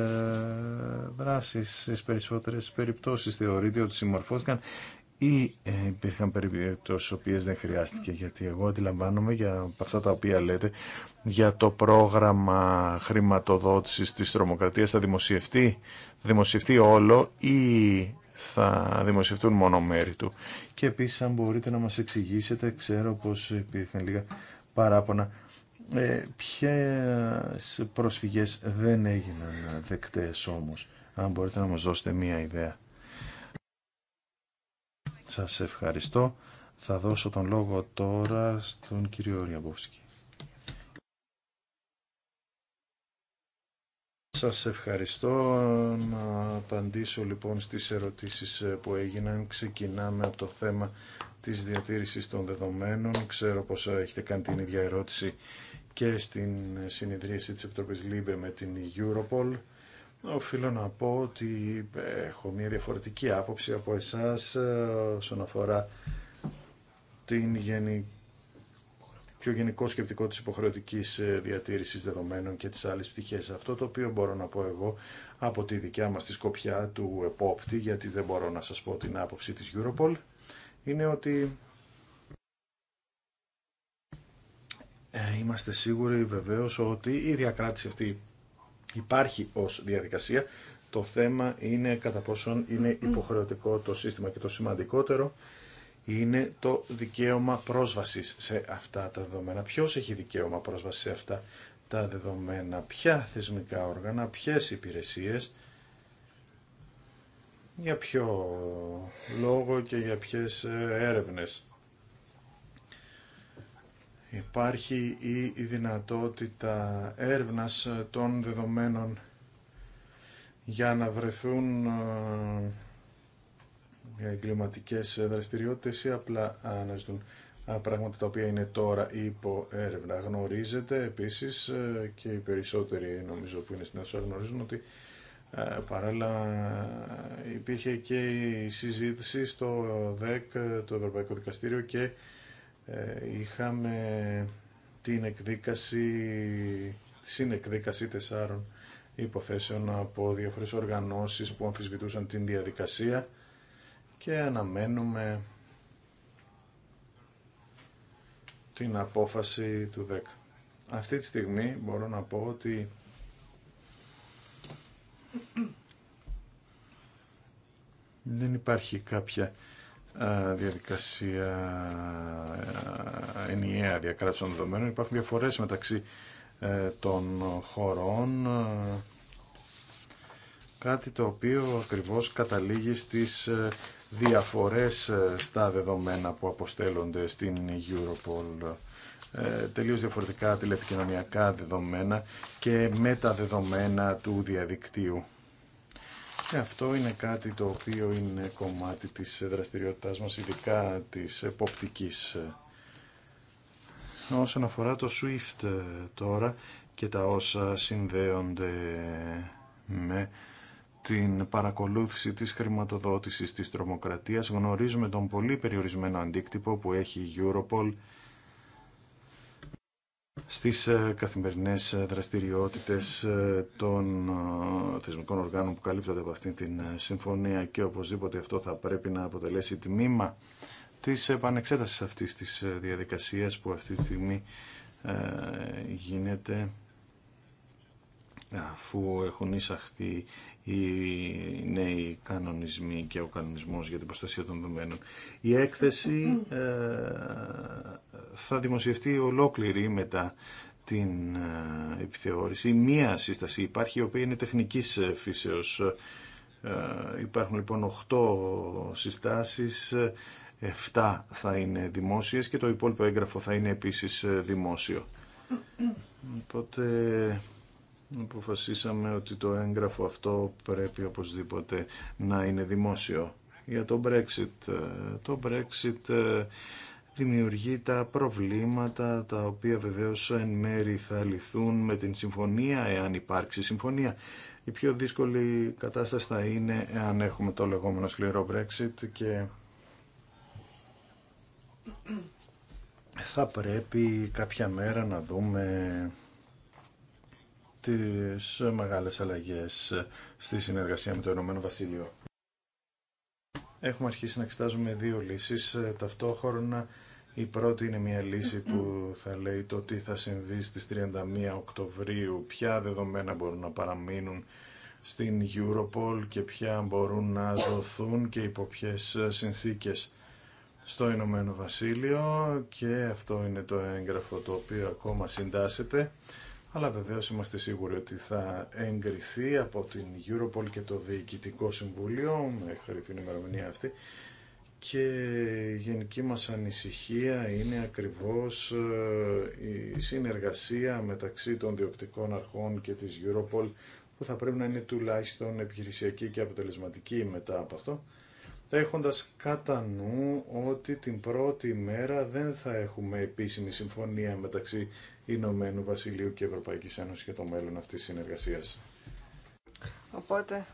δράσει στι περισσότερε περιπτώσει, θεωρείται ότι συμμορφώθηκαν ή ε, υπήρχαν περιπτώσεις οποίε δεν χρειάστηκε γιατί εγώ αντιλαμβάνομαι για αυτά τα οποία λέτε για το πρόγραμμα χρηματοδότηση τη τρομοκρατία θα δημοσιευτεί, θα δημοσιευτεί όλο ή θα δημοσιευτούν μόνο μέρη του. Και επίσης αν μπορείτε να μας εξηγήσετε, ξέρω πως υπήρχαν λίγα παράπονα, ε, ποιες προσφυγές δεν έγιναν δεκτές όμως. Αν μπορείτε να μας δώσετε μία ιδέα. Σας ευχαριστώ. Θα δώσω τον λόγο τώρα στον κύριο Ριαμπόφσκι. Σας ευχαριστώ. Να απαντήσω λοιπόν στις ερωτήσεις ε, που έγιναν. Ξεκινάμε από το θέμα της διατήρησης των δεδομένων. Ξέρω πως ε, έχετε κάνει την ίδια ερώτηση και στην ε, συνειδρίαση της Επιτροπής ΛΥΜΠΕ με την Europol. Οφείλω να πω ότι έχω μια διαφορετική άποψη από εσάς όσον αφορά την γενική πιο γενικό σκεπτικό της υποχρεωτικής ε, διατήρησης δεδομένων και τις άλλες πτυχές. Αυτό το οποίο μπορώ να πω εγώ από τη δικιά μας τη σκοπιά του επόπτη, γιατί δεν μπορώ να σας πω την άποψη της Europol, είναι ότι ε, είμαστε σίγουροι βεβαίως ότι η διακράτηση αυτή υπάρχει ως διαδικασία. Το θέμα είναι κατά πόσον είναι υποχρεωτικό το σύστημα και το σημαντικότερο είναι το δικαίωμα πρόσβασης σε αυτά τα δεδομένα. Ποιος έχει δικαίωμα πρόσβαση σε αυτά τα δεδομένα, ποια θεσμικά όργανα, ποιες υπηρεσίες, για ποιο λόγο και για ποιες ε, έρευνες. Υπάρχει η δυνατότητα έρευνας ε, των δεδομένων για να βρεθούν ε, εγκληματικέ δραστηριότητες ή απλά αναζητούν πράγματα τα οποία είναι τώρα υπό έρευνα. Γνωρίζετε επίσης ε, και οι περισσότεροι νομίζω που είναι στην Ελλάδα γνωρίζουν ότι ε, παράλληλα υπήρχε και η συζήτηση στο ΔΕΚ, το Ευρωπαϊκό Δικαστήριο και ε, είχαμε την εκδίκαση, συνεκδίκαση τεσσάρων υποθέσεων από διάφορες οργανώσεις που αμφισβητούσαν την διαδικασία και αναμένουμε την απόφαση του 10. Αυτή τη στιγμή μπορώ να πω ότι δεν υπάρχει κάποια διαδικασία ενιαία διακράτηση των δεδομένων. Υπάρχουν διαφορές μεταξύ ε, των χωρών, κάτι το οποίο ακριβώς καταλήγει στις ε, διαφορές ε, στα δεδομένα που αποστέλλονται στην Europol ε, τελείως διαφορετικά τηλεπικοινωνιακά δεδομένα και με τα μεταδεδομένα του διαδικτύου. Και αυτό είναι κάτι το οποίο είναι κομμάτι της δραστηριότητάς μας, ειδικά της εποπτικής. Όσον αφορά το SWIFT ε, τώρα και τα όσα συνδέονται με την παρακολούθηση της χρηματοδότησης της τρομοκρατίας γνωρίζουμε τον πολύ περιορισμένο αντίκτυπο που έχει η Europol στις ε, καθημερινές δραστηριότητες ε, των ε, θεσμικών οργάνων που καλύπτονται από αυτή την συμφωνία και οπωσδήποτε αυτό θα πρέπει να αποτελέσει τμήμα της επανεξέτασης αυτής της διαδικασίας που αυτή τη στιγμή γίνεται αφού έχουν εισαχθεί οι νέοι κανονισμοί και ο κανονισμός για την προστασία των δεμένων. Η έκθεση ε, θα δημοσιευτεί ολόκληρη μετά την ε, επιθεώρηση. Μία σύσταση υπάρχει, η οποία είναι τεχνικής ε, φύσεως. Υπάρχουν λοιπόν 8 συστάσεις, 7 θα είναι δημόσιες και το υπόλοιπο έγγραφο θα είναι επίσης δημόσιο. Οπότε αποφασίσαμε ότι το έγγραφο αυτό πρέπει οπωσδήποτε να είναι δημόσιο. Για το Brexit. Ε, το Brexit ε, δημιουργεί τα προβλήματα τα οποία βεβαίως εν μέρη θα λυθούν με την συμφωνία εάν υπάρξει συμφωνία. Η πιο δύσκολη κατάσταση θα είναι εάν έχουμε το λεγόμενο σκληρό Brexit και θα πρέπει κάποια μέρα να δούμε τις μεγάλες αλλαγές στη συνεργασία με το Ηνωμένο Βασίλειο. Έχουμε αρχίσει να εξετάζουμε δύο λύσεις. Ταυτόχρονα η πρώτη είναι μια λύση που θα λέει το τι θα συμβεί στις 31 Οκτωβρίου, ποια δεδομένα μπορούν να παραμείνουν στην Europol και ποια μπορούν να δοθούν και υπό ποιες συνθήκες στο Ηνωμένο Βασίλειο και αυτό είναι το έγγραφο το οποίο ακόμα συντάσσεται αλλά βεβαίω, είμαστε σίγουροι ότι θα εγκριθεί από την Europol και το Διοικητικό Συμβούλιο μέχρι την ημερομηνία αυτή και η γενική μας ανησυχία είναι ακριβώς ε, η συνεργασία μεταξύ των διοκτικών αρχών και της Europol που θα πρέπει να είναι τουλάχιστον επιχειρησιακή και αποτελεσματική μετά από αυτό έχοντας κατά νου ότι την πρώτη μέρα δεν θα έχουμε επίσημη συμφωνία μεταξύ Ηνωμένου Βασιλείου και Ευρωπαϊκής Ένωσης για το μέλλον αυτής της συνεργασίας. Οπότε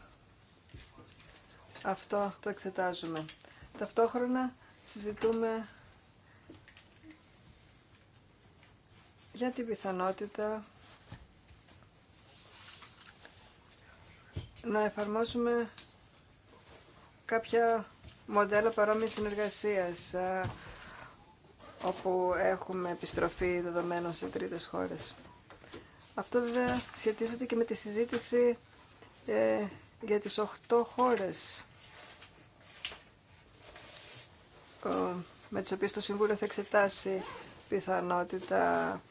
αυτό το εξετάζουμε. Ταυτόχρονα συζητούμε για την πιθανότητα να εφαρμόσουμε κάποια μοντέλα παρόμοιας συνεργασίας όπου έχουμε επιστροφή δεδομένων σε τρίτες χώρες. Αυτό βέβαια σχετίζεται και με τη συζήτηση ε, για τις 8 χώρες με τις οποίες το Συμβούλιο θα εξετάσει πιθανότητα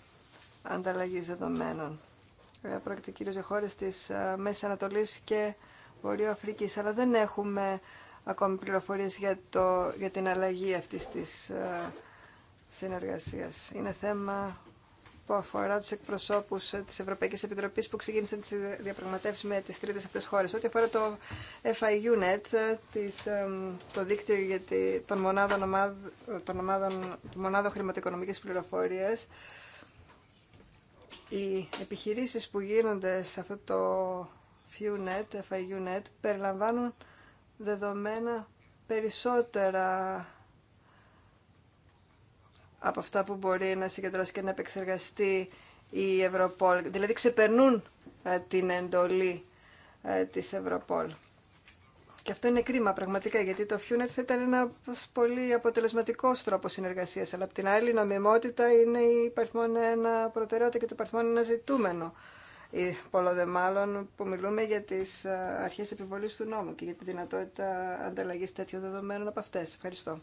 ανταλλαγής δεδομένων. Ε, πρόκειται κυρίως για χώρες της ε, Μέσης Ανατολής και Βορείου Αφρικής, αλλά δεν έχουμε ακόμη πληροφορίες για, το, για την αλλαγή αυτής της συνεργασίας. Είναι θέμα που αφορά τους εκπροσώπους ε, της Ευρωπαϊκής Επιτροπής που ξεκίνησαν τις διαπραγματεύσεις με τις τρίτες αυτές χώρες. Ό,τι αφορά το FIUNET, ε, το δίκτυο για των μονάδων, ομάδων, των ομάδων, του μονάδων χρηματοοικονομικής πληροφορίας, οι επιχειρήσεις που γίνονται σε αυτό το FIUNET, FIUNET περιλαμβάνουν δεδομένα περισσότερα από αυτά που μπορεί να συγκεντρώσει και να επεξεργαστεί η Ευρωπόλ. Δηλαδή ξεπερνούν ε, την εντολή ε, της Ευρωπόλ. Και αυτό είναι κρίμα πραγματικά, γιατί το FUNET θα ήταν ένα πολύ αποτελεσματικό τρόπο συνεργασία. Αλλά απ' την άλλη, η νομιμότητα είναι η παριθμόν ένα προτεραιότητα και το παριθμόν ένα ζητούμενο. Ή, πολλό δε μάλλον που μιλούμε για τι ε, αρχέ επιβολή του νόμου και για τη δυνατότητα ανταλλαγή τέτοιων δεδομένων από αυτέ. Ευχαριστώ.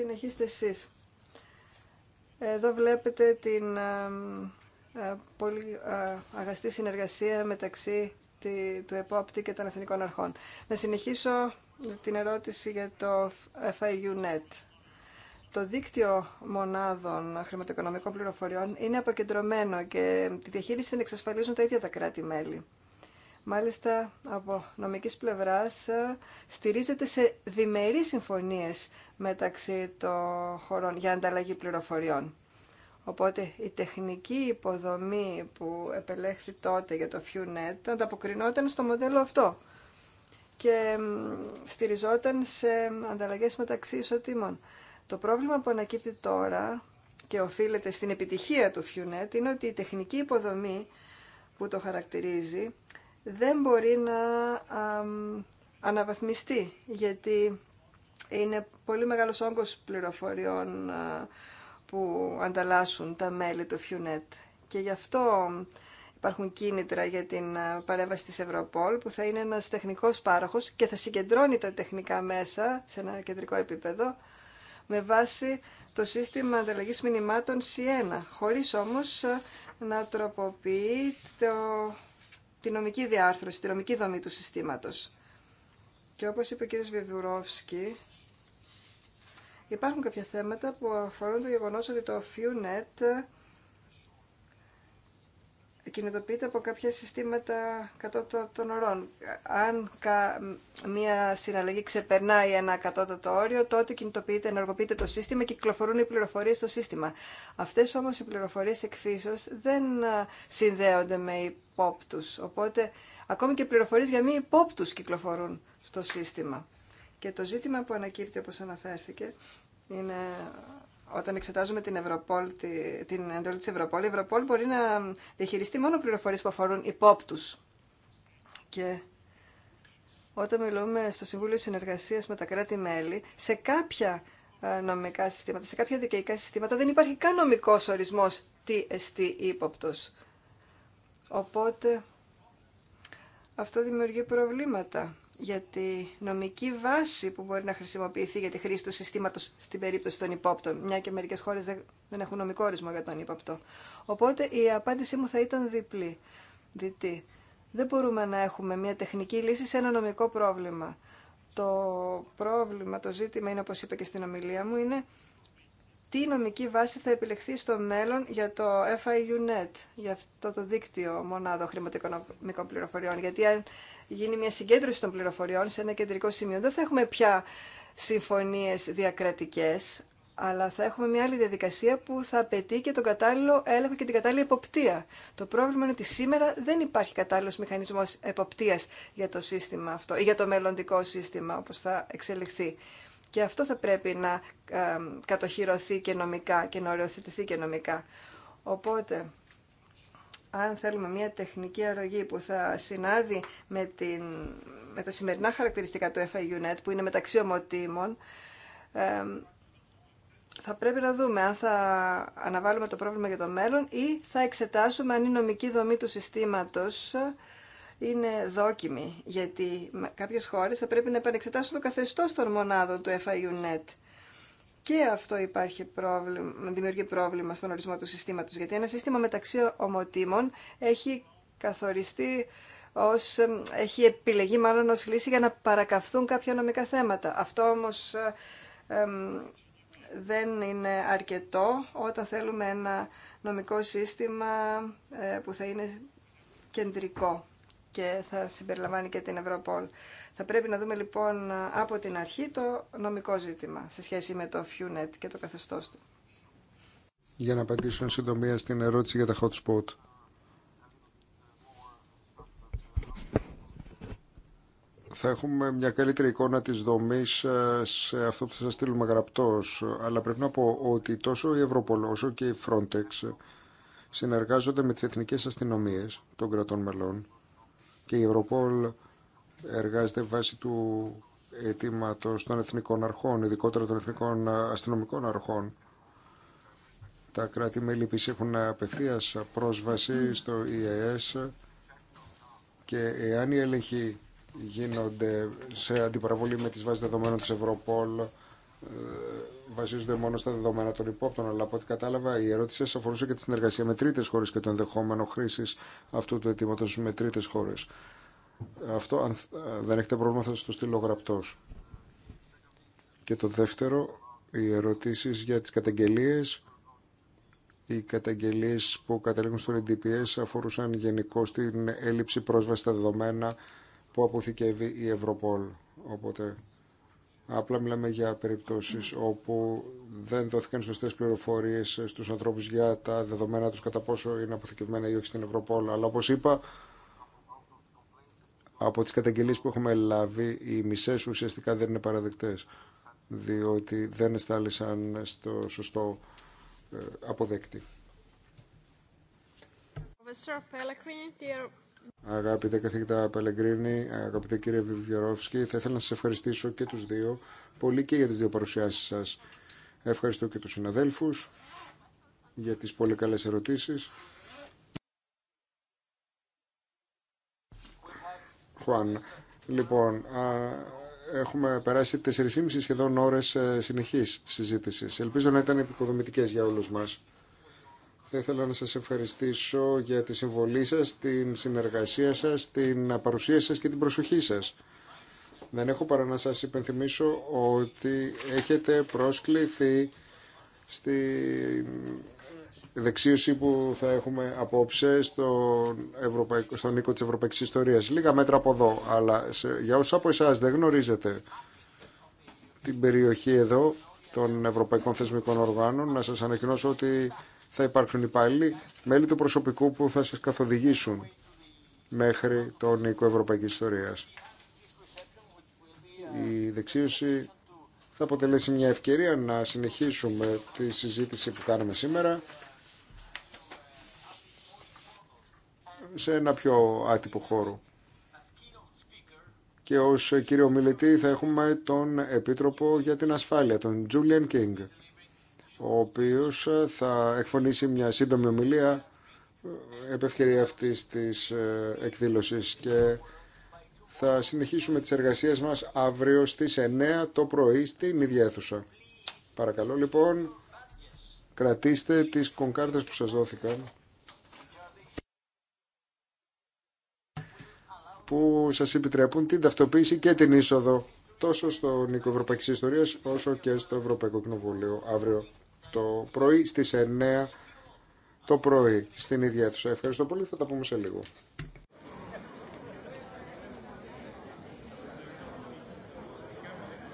συνεχίστε εσείς. Εδώ βλέπετε την ε, ε, πολύ ε, αγαστή συνεργασία μεταξύ του ΕΠΟΠΤΗ και των Εθνικών Αρχών. Να συνεχίσω την ερώτηση για το FIUNET. Το δίκτυο μονάδων χρηματοοικονομικών πληροφοριών είναι αποκεντρωμένο και τη διαχείριση την εξασφαλίζουν τα ίδια τα κράτη-μέλη μάλιστα από νομικής πλευράς ε, στηρίζεται σε διμερείς συμφωνίες μεταξύ των χωρών για ανταλλαγή πληροφοριών. Οπότε η τεχνική υποδομή που επελέχθη τότε για το FUNET ανταποκρινόταν στο μοντέλο αυτό και στηριζόταν σε ανταλλαγές μεταξύ ισοτήμων. Το πρόβλημα που ανακύπτει τώρα και οφείλεται στην επιτυχία του FUNET είναι ότι η τεχνική υποδομή που το χαρακτηρίζει δεν μπορεί να αναβαθμιστεί, γιατί είναι πολύ μεγάλος όγκος πληροφοριών που ανταλλάσσουν τα μέλη του FUNET. Και γι' αυτό υπάρχουν κίνητρα για την παρέμβαση της Ευρωπόλ, που θα είναι ένας τεχνικός πάροχος και θα συγκεντρώνει τα τεχνικά μέσα σε ένα κεντρικό επίπεδο, με βάση το συστημα ανταλλαγη ανταλλαγής μηνυμάτων C1, χωρίς όμως να τροποποιεί το τη νομική διάρθρωση, τη νομική δομή του συστήματος. Και όπως είπε ο κ. Βεβουρόφσκι, υπάρχουν κάποια θέματα που αφορούν το γεγονός ότι το FUNET κινητοποιείται από κάποια συστήματα κατώτατων των ορών. Αν μια συναλλαγή ξεπερνάει ένα κατώτατο όριο, τότε κινητοποιείται, ενεργοποιείται το σύστημα και κυκλοφορούν οι πληροφορίε στο σύστημα. Αυτέ όμω οι πληροφορίε εκφύσεω δεν συνδέονται με υπόπτου. Οπότε, ακόμη και πληροφορίε για μη υπόπτου κυκλοφορούν στο σύστημα. Και το ζήτημα που ανακύπτει, όπω αναφέρθηκε, είναι όταν εξετάζουμε την, Ευρωπόλ, την εντολή της Ευρωπόλη, η Ευρωπόλ μπορεί να διαχειριστεί μόνο πληροφορίες που αφορούν υπόπτους. Και όταν μιλούμε στο Συμβούλιο Συνεργασίας με τα κράτη-μέλη, σε κάποια ε, νομικά συστήματα, σε κάποια δικαϊκά συστήματα δεν υπάρχει καν νομικός ορισμός τι εστί ύποπτο. Οπότε αυτό δημιουργεί προβλήματα για τη νομική βάση που μπορεί να χρησιμοποιηθεί για τη χρήση του συστήματος στην περίπτωση των υπόπτων, μια και μερικές χώρες δεν έχουν νομικό ορισμό για τον υπόπτο. Οπότε η απάντησή μου θα ήταν διπλή. Διτή. Δεν μπορούμε να έχουμε μια τεχνική λύση σε ένα νομικό πρόβλημα. Το πρόβλημα, το ζήτημα είναι, όπως είπα και στην ομιλία μου, είναι τι νομική βάση θα επιλεχθεί στο μέλλον για το FIUNET, για αυτό το δίκτυο μονάδο χρηματοοικονομικών πληροφοριών. Γιατί αν γίνει μια συγκέντρωση των πληροφοριών σε ένα κεντρικό σημείο. Δεν θα έχουμε πια συμφωνίες διακρατικές, αλλά θα έχουμε μια άλλη διαδικασία που θα απαιτεί και τον κατάλληλο έλεγχο και την κατάλληλη εποπτεία. Το πρόβλημα είναι ότι σήμερα δεν υπάρχει κατάλληλος μηχανισμός εποπτείας για το σύστημα αυτό ή για το μελλοντικό σύστημα όπως θα εξελιχθεί. Και αυτό θα πρέπει να ε, κατοχυρωθεί και νομικά και να οριοθετηθεί και νομικά. Οπότε, αν θέλουμε μια τεχνική αρρωγή που θα συνάδει με, την, με τα σημερινά χαρακτηριστικά του FIUNET, που είναι μεταξύ ομοτήμων, θα πρέπει να δούμε αν θα αναβάλουμε το πρόβλημα για το μέλλον ή θα εξετάσουμε αν η νομική δομή του συστήματος είναι δόκιμη, γιατί κάποιες χώρες θα πρέπει να επανεξετάσουν το καθεστώς των μονάδων του FIUNET και αυτό υπάρχει πρόβλημα, δημιουργεί πρόβλημα στον ορισμό του συστήματος, γιατί ένα σύστημα μεταξύ ομοτήμων έχει καθοριστεί ως, έχει επιλεγεί μάλλον ως λύση για να παρακαυθούν κάποια νομικά θέματα. Αυτό όμως δεν είναι αρκετό όταν θέλουμε ένα νομικό σύστημα ε, που θα είναι κεντρικό και θα συμπεριλαμβάνει και την Ευρωπόλ. Θα πρέπει να δούμε λοιπόν από την αρχή το νομικό ζήτημα σε σχέση με το FUNET και το καθεστώς του. Για να απαντήσω εν συντομία στην ερώτηση για τα hot spot. θα έχουμε μια καλύτερη εικόνα της δομής ε, σε αυτό που θα σας στείλουμε γραπτός. Αλλά πρέπει να πω ότι τόσο η Ευρωπολ όσο και η Frontex συνεργάζονται με τις εθνικές αστυνομίες των κρατών μελών και η Ευρωπόλ εργάζεται βάσει του αιτήματο των εθνικών αρχών, ειδικότερα των εθνικών αστυνομικών αρχών. Τα κράτη-μέλη επίση έχουν απευθεία πρόσβαση στο ΙΕΣ και εάν οι έλεγχοι γίνονται σε αντιπαραβολή με τις βάσεις δεδομένων της Ευρωπόλ, ε, βασίζονται μόνο στα δεδομένα των υπόπτων, αλλά από ό,τι κατάλαβα η ερώτησή σα αφορούσε και τη συνεργασία με τρίτε χώρε και το ενδεχόμενο χρήση αυτού του αιτήματο με τρίτε χώρε. Αυτό, αν ε, δεν έχετε πρόβλημα, θα σα το στείλω γραπτό. Και το δεύτερο, οι ερωτήσει για τι καταγγελίε. Οι καταγγελίε που καταλήγουν στον NDPS αφορούσαν γενικώ την έλλειψη πρόσβαση στα δεδομένα που αποθηκεύει η Ευρωπόλ. Οπότε Απλά μιλάμε για περιπτώσεις όπου δεν δόθηκαν σωστέ πληροφορίε στους ανθρώπου για τα δεδομένα του κατά πόσο είναι αποθηκευμένα ή όχι στην Ευρωπόλ. Αλλά όπως είπα, από τις καταγγελίες που έχουμε λάβει, οι μισές ουσιαστικά δεν είναι παραδεκτές, διότι δεν εστάλησαν στο σωστό ε, αποδέκτη. Αγαπητέ καθηγητά Πελεγκρίνη, αγαπητέ κύριε Βιβιερόφσκι, θα ήθελα να σας ευχαριστήσω και τους δύο πολύ και για τις δύο παρουσιάσεις σας. Ευχαριστώ και τους συναδέλφους για τις πολύ καλές ερωτήσεις. Χουάν, λοιπόν, έχουμε περάσει 4,5 σχεδόν ώρες ε, συνεχής συζήτησης. Ελπίζω να ήταν επικοδομητικές για όλους μας. Θα ήθελα να σας ευχαριστήσω για τη συμβολή σας, την συνεργασία σας, την παρουσία σας και την προσοχή σας. Δεν έχω παρά να σας υπενθυμίσω ότι έχετε πρόσκληθει στη δεξίωση που θα έχουμε απόψε στον, Ευρωπαϊκό, στον οίκο της Ευρωπαϊκής Ιστορίας. Λίγα μέτρα από εδώ, αλλά για όσους από εσάς δεν γνωρίζετε την περιοχή εδώ των Ευρωπαϊκών Θεσμικών Οργάνων, να σας ανακοινώσω ότι θα υπάρξουν υπάλληλοι, μέλη του προσωπικού που θα σας καθοδηγήσουν μέχρι τον οίκο Ευρωπαϊκής Ιστορίας. Η δεξίωση θα αποτελέσει μια ευκαιρία να συνεχίσουμε τη συζήτηση που κάνουμε σήμερα σε ένα πιο άτυπο χώρο. Και ως κύριο μιλητή θα έχουμε τον Επίτροπο για την Ασφάλεια, τον Julian King ο οποίος ε, θα εκφωνήσει μια σύντομη ομιλία ε, επ' ευκαιρία αυτής της ε, εκδήλωσης και θα συνεχίσουμε τις εργασίες μας αύριο στις 9 το πρωί στην ίδια αίθουσα. Παρακαλώ λοιπόν, κρατήστε τις κονκάρτες που σας δόθηκαν που σας επιτρέπουν την ταυτοποίηση και την είσοδο τόσο στο Νίκο Ιστορίας όσο και στο Ευρωπαϊκό Κοινοβούλιο αύριο το πρωί στις 9 το πρωί στην ίδια αίθουσα. Ευχαριστώ πολύ, θα τα πούμε σε λίγο.